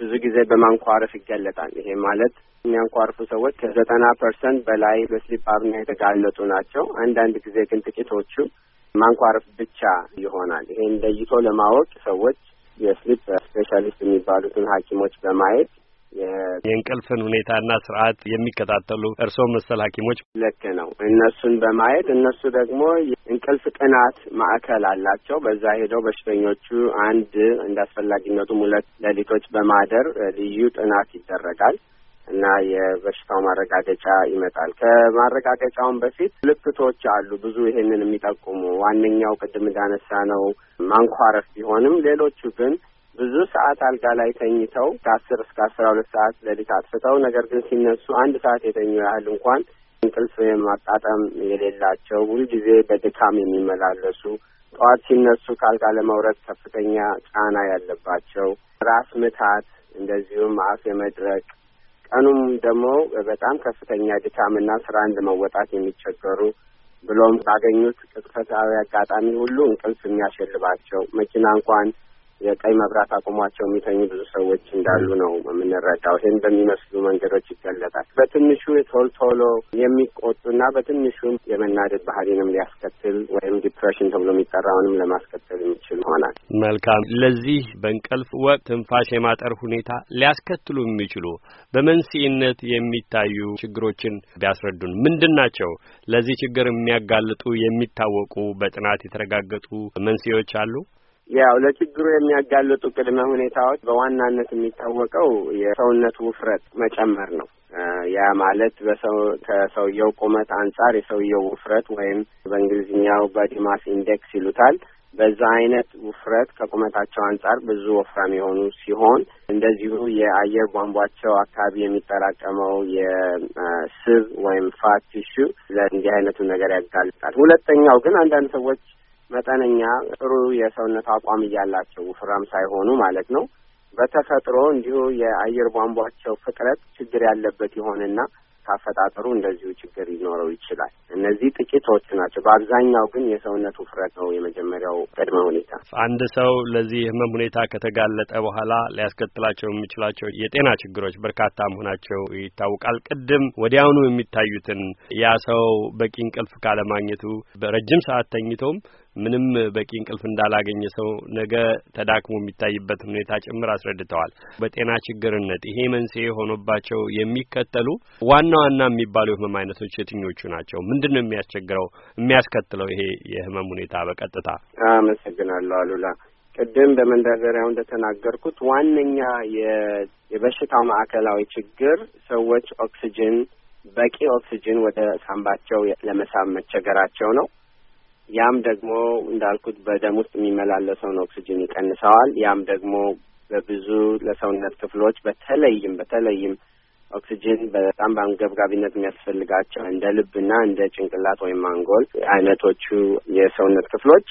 ብዙ ጊዜ በማንኳረፍ ይገለጣል። ይሄ ማለት የሚያንኳርፉ ሰዎች ከዘጠና ፐርሰንት በላይ በስሊፕ አፕኒያ የተጋለጡ ናቸው። አንዳንድ ጊዜ ግን ጥቂቶቹ ማንኳረፍ ብቻ ይሆናል። ይሄን ለይቶ ለማወቅ ሰዎች የስሊፕ ስፔሻሊስት የሚባሉትን ሐኪሞች በማየት የእንቅልፍን ሁኔታና ስርዓት የሚከታተሉ እርስዎ መሰል ሐኪሞች ልክ ነው። እነሱን በማየት እነሱ ደግሞ እንቅልፍ ጥናት ማዕከል አላቸው። በዛ ሄደው በሽተኞቹ አንድ እንደ አስፈላጊነቱም ሁለት ሌሊቶች በማደር ልዩ ጥናት ይደረጋል እና የበሽታው ማረጋገጫ ይመጣል። ከማረጋገጫውን በፊት ምልክቶች አሉ ብዙ ይሄንን የሚጠቁሙ ዋነኛው ቅድም እንዳነሳ ነው ማንኳረፍ ቢሆንም ሌሎቹ ግን ብዙ ሰዓት አልጋ ላይ ተኝተው ከአስር እስከ አስራ ሁለት ሰዓት ሌሊት አጥፍተው ነገር ግን ሲነሱ አንድ ሰዓት የተኙ ያህል እንኳን እንቅልፍ የማጣጠም የሌላቸው ሁልጊዜ በድካም የሚመላለሱ ጠዋት ሲነሱ ከአልጋ ለመውረድ ከፍተኛ ጫና ያለባቸው፣ ራስ ምታት፣ እንደዚሁም አፍ የመድረቅ ቀኑም ደግሞ በጣም ከፍተኛ ድካምና ስራን ለመወጣት የሚቸገሩ ብሎም ባገኙት ቅጥፈታዊ አጋጣሚ ሁሉ እንቅልፍ የሚያሸልባቸው መኪና እንኳን የቀይ መብራት አቁሟቸው የሚተኙ ብዙ ሰዎች እንዳሉ ነው የምንረዳው። ይህን በሚመስሉ መንገዶች ይገለጣል። በትንሹ ቶልቶሎ የሚቆጡና በትንሹም የመናደድ ባህሪንም ሊያስከትል ወይም ዲፕሬሽን ተብሎ የሚጠራውንም ለማስከተል የሚችል ይሆናል። መልካም። ለዚህ በእንቅልፍ ወቅት ትንፋሽ የማጠር ሁኔታ ሊያስከትሉ የሚችሉ በመንስኤነት የሚታዩ ችግሮችን ቢያስረዱን ምንድን ናቸው? ለዚህ ችግር የሚያጋልጡ የሚታወቁ በጥናት የተረጋገጡ መንስኤዎች አሉ? ያው ለችግሩ የሚያጋልጡ ቅድመ ሁኔታዎች በዋናነት የሚታወቀው የሰውነት ውፍረት መጨመር ነው። ያ ማለት በሰው ከሰውየው ቁመት አንጻር የሰውየው ውፍረት ወይም በእንግሊዝኛው ቦዲ ማስ ኢንዴክስ ይሉታል። በዛ አይነት ውፍረት ከቁመታቸው አንጻር ብዙ ወፍራም የሆኑ ሲሆን እንደዚሁ የአየር ቧንቧቸው አካባቢ የሚጠራቀመው የስብ ወይም ፋት ቲሹ ለእንዲህ አይነቱ ነገር ያጋልጣል። ሁለተኛው ግን አንዳንድ ሰዎች መጠነኛ ጥሩ የሰውነት አቋም እያላቸው ውፍራም ሳይሆኑ ማለት ነው። በተፈጥሮ እንዲሁ የአየር ቧንቧቸው ፍጥረት ችግር ያለበት ይሆንና ካፈጣጠሩ እንደዚሁ ችግር ሊኖረው ይችላል። እነዚህ ጥቂቶች ናቸው። በአብዛኛው ግን የሰውነት ውፍረት ነው የመጀመሪያው ቅድመ ሁኔታ። አንድ ሰው ለዚህ ህመም ሁኔታ ከተጋለጠ በኋላ ሊያስከትላቸው የሚችላቸው የጤና ችግሮች በርካታ መሆናቸው ይታወቃል። ቅድም ወዲያውኑ የሚታዩትን ያ ሰው በቂ እንቅልፍ ካለማግኘቱ በረጅም ሰዓት ተኝቶም ምንም በቂ እንቅልፍ እንዳላገኘ ሰው ነገ ተዳክሞ የሚታይበት ሁኔታ ጭምር አስረድተዋል። በጤና ችግርነት ይሄ መንስኤ ሆኖባቸው የሚከተሉ ዋና ዋና የሚባሉ የህመም አይነቶች የትኞቹ ናቸው? ምንድን ነው የሚያስቸግረው የሚያስከትለው ይሄ የህመም ሁኔታ በቀጥታ? አመሰግናለሁ አሉላ። ቅድም በመንደርደሪያው እንደተናገርኩት ዋነኛ የበሽታው ማዕከላዊ ችግር ሰዎች ኦክሲጅን በቂ ኦክሲጅን ወደ ሳንባቸው ለመሳብ መቸገራቸው ነው። ያም ደግሞ እንዳልኩት በደም ውስጥ የሚመላለሰውን ኦክስጅን ይቀንሰዋል። ያም ደግሞ በብዙ ለሰውነት ክፍሎች በተለይም በተለይም ኦክስጅን በጣም በአንገብጋቢነት የሚያስፈልጋቸው እንደ ልብና እንደ ጭንቅላት ወይም አንጎል አይነቶቹ የሰውነት ክፍሎች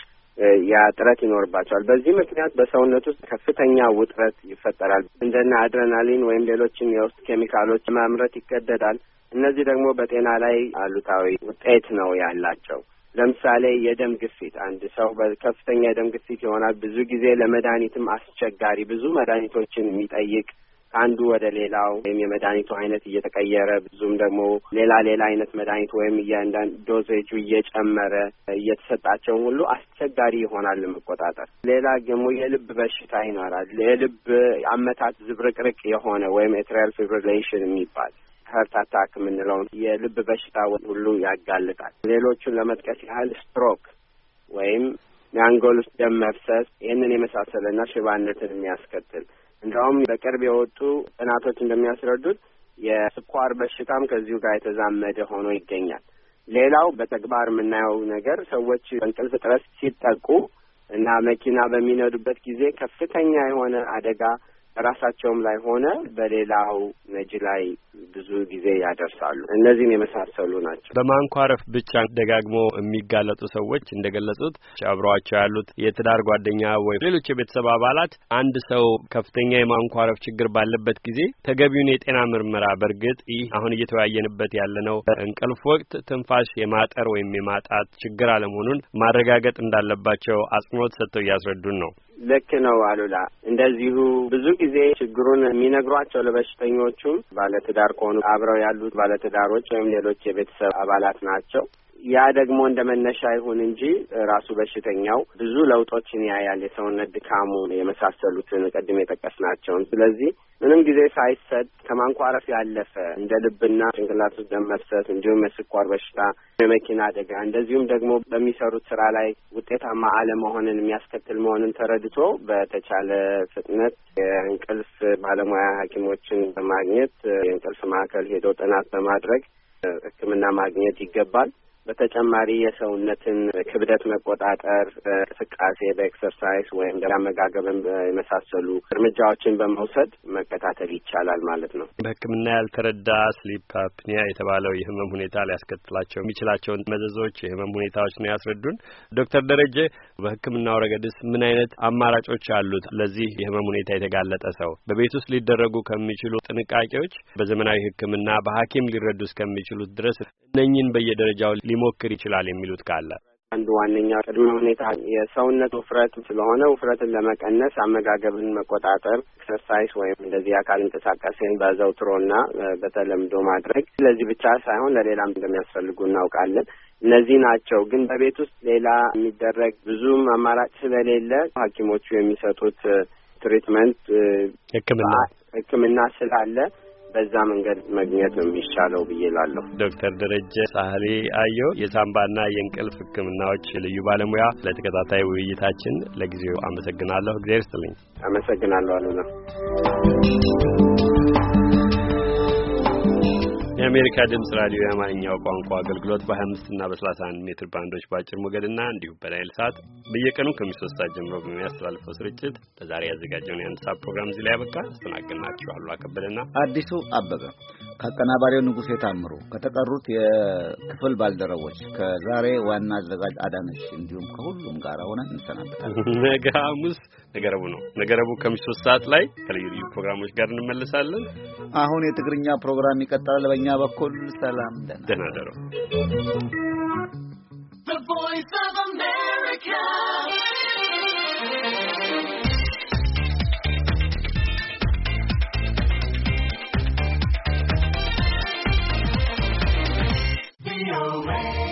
ያ ጥረት ይኖርባቸዋል። በዚህ ምክንያት በሰውነት ውስጥ ከፍተኛ ውጥረት ይፈጠራል። እንደነ አድረናሊን ወይም ሌሎችን የውስጥ ኬሚካሎች ማምረት ይገደዳል። እነዚህ ደግሞ በጤና ላይ አሉታዊ ውጤት ነው ያላቸው። ለምሳሌ የደም ግፊት አንድ ሰው በከፍተኛ የደም ግፊት ይሆናል። ብዙ ጊዜ ለመድኃኒትም አስቸጋሪ ብዙ መድኃኒቶችን የሚጠይቅ ከአንዱ ወደ ሌላው ወይም የመድኃኒቱ አይነት እየተቀየረ ብዙም ደግሞ ሌላ ሌላ አይነት መድኃኒት ወይም እያንዳንድ ዶዜጁ እየጨመረ እየተሰጣቸውን ሁሉ አስቸጋሪ ይሆናል ለመቆጣጠር። ሌላ ደግሞ የልብ በሽታ ይኖራል። የልብ አመታት ዝብርቅርቅ የሆነ ወይም ኤትሪያል ፊብሪሌሽን የሚባል ሀርት አታክ የምንለው የልብ በሽታ ሁሉ ያጋልጣል። ሌሎቹን ለመጥቀስ ያህል ስትሮክ ወይም የአንጎል ውስጥ ደም መፍሰስ ይህንን የመሳሰለና ሽባነትን የሚያስከትል እንደውም በቅርብ የወጡ ጥናቶች እንደሚያስረዱት የስኳር በሽታም ከዚሁ ጋር የተዛመደ ሆኖ ይገኛል። ሌላው በተግባር የምናየው ነገር ሰዎች በእንቅልፍ እጥረት ሲጠቁ እና መኪና በሚነዱበት ጊዜ ከፍተኛ የሆነ አደጋ ራሳቸውም ላይ ሆነ በሌላው ነጂ ላይ ብዙ ጊዜ ያደርሳሉ። እነዚህን የመሳሰሉ ናቸው። በማንኳረፍ ብቻ ደጋግሞ የሚጋለጡ ሰዎች እንደ ገለጹት አብረዋቸው ያሉት የትዳር ጓደኛ ወይም ሌሎች የቤተሰብ አባላት አንድ ሰው ከፍተኛ የማንኳረፍ ችግር ባለበት ጊዜ ተገቢውን የጤና ምርመራ በእርግጥ ይህ አሁን እየተወያየንበት ያለነው እንቅልፍ ወቅት ትንፋሽ የማጠር ወይም የማጣት ችግር አለመሆኑን ማረጋገጥ እንዳለባቸው አጽንኦት ሰጥተው እያስረዱን ነው። ልክ ነው አሉላ። እንደዚሁ ብዙ ጊዜ ችግሩን የሚነግሯቸው ለበሽተኞቹም ባለትዳር ከሆኑ አብረው ያሉት ባለትዳሮች ወይም ሌሎች የቤተሰብ አባላት ናቸው። ያ ደግሞ እንደ መነሻ ይሁን እንጂ ራሱ በሽተኛው ብዙ ለውጦችን ያያል። የሰውነት ድካሙ የመሳሰሉትን ቅድም የጠቀስናቸውን። ስለዚህ ምንም ጊዜ ሳይሰጥ ከማንኳረፍ ያለፈ እንደ ልብና ጭንቅላት ውስጥ ደም መፍሰስ፣ እንዲሁም የስኳር በሽታ፣ የመኪና አደጋ እንደዚሁም ደግሞ በሚሰሩት ስራ ላይ ውጤታማ አለመሆንን የሚያስከትል መሆንን ተረድቶ በተቻለ ፍጥነት የእንቅልፍ ባለሙያ ሐኪሞችን በማግኘት የእንቅልፍ ማዕከል ሄዶ ጥናት በማድረግ ሕክምና ማግኘት ይገባል። በተጨማሪ የሰውነትን ክብደት መቆጣጠር እንቅስቃሴ በኤክሰርሳይዝ ወይም አመጋገብን የመሳሰሉ እርምጃዎችን በመውሰድ መከታተል ይቻላል ማለት ነው። በሕክምና ያልተረዳ ስሊፕ አፕኒያ የተባለው የህመም ሁኔታ ሊያስከትላቸው የሚችላቸውን መዘዞች፣ የህመም ሁኔታዎች ነው ያስረዱን ዶክተር ደረጀ። በሕክምናው ረገድስ ምን አይነት አማራጮች አሉት? ለዚህ የህመም ሁኔታ የተጋለጠ ሰው በቤት ውስጥ ሊደረጉ ከሚችሉ ጥንቃቄዎች በዘመናዊ ሕክምና በሐኪም ሊረዱ እስከሚችሉት ድረስ እነኝን በየደረጃው ሊሞክር ይችላል የሚሉት ካለ አንዱ ዋነኛ ቅድመ ሁኔታ የሰውነት ውፍረት ስለሆነ ውፍረትን ለመቀነስ አመጋገብን መቆጣጠር፣ ኤክሰርሳይዝ ወይም እንደዚህ የአካል እንቅስቃሴን በዘውትሮና በተለምዶ ማድረግ ለዚህ ብቻ ሳይሆን ለሌላም እንደሚያስፈልጉ እናውቃለን። እነዚህ ናቸው። ግን በቤት ውስጥ ሌላ የሚደረግ ብዙም አማራጭ ስለሌለ ሐኪሞቹ የሚሰጡት ትሪትመንት ሕክምና ሕክምና ስላለ በዛ መንገድ መግኘት ነው የሚሻለው ብዬ ላለሁ። ዶክተር ደረጀ ሳህሌ አየው የሳምባና የእንቅልፍ ሕክምናዎች ልዩ ባለሙያ፣ ለተከታታይ ውይይታችን ለጊዜው አመሰግናለሁ። እግዚአብሔር ይስጥልኝ። አመሰግናለሁ አሉና የአሜሪካ ድምጽ ራዲዮ የአማርኛው ቋንቋ አገልግሎት በ25 እና በ31 ሜትር ባንዶች በአጭር ሞገድና እንዲሁም በናይል ሰዓት በየቀኑ ከሚሶስት ሰዓት ጀምሮ በሚያስተላልፈው ስርጭት በዛሬ ያዘጋጀውን የአንድ ሰዓት ፕሮግራም እዚህ ላይ ያበቃ። አስተናግናችሁ አከበደና አዲሱ አበበ ከአቀናባሪው ንጉሴ የታምሩ ከተቀሩት የክፍል ባልደረቦች ከዛሬ ዋና አዘጋጅ አዳነች እንዲሁም ከሁሉም ጋር ሆነን እንሰናበታለን። ነገ ሐሙስ ነው። ነገረቡ ረቡዕ ሰዓት ላይ ከልዩ ልዩ ፕሮግራሞች ጋር እንመልሳለን። አሁን የትግርኛ ፕሮግራም ይቀጥላል። በእኛ በኩል ሰላም፣ ደህና ደሩ። No way.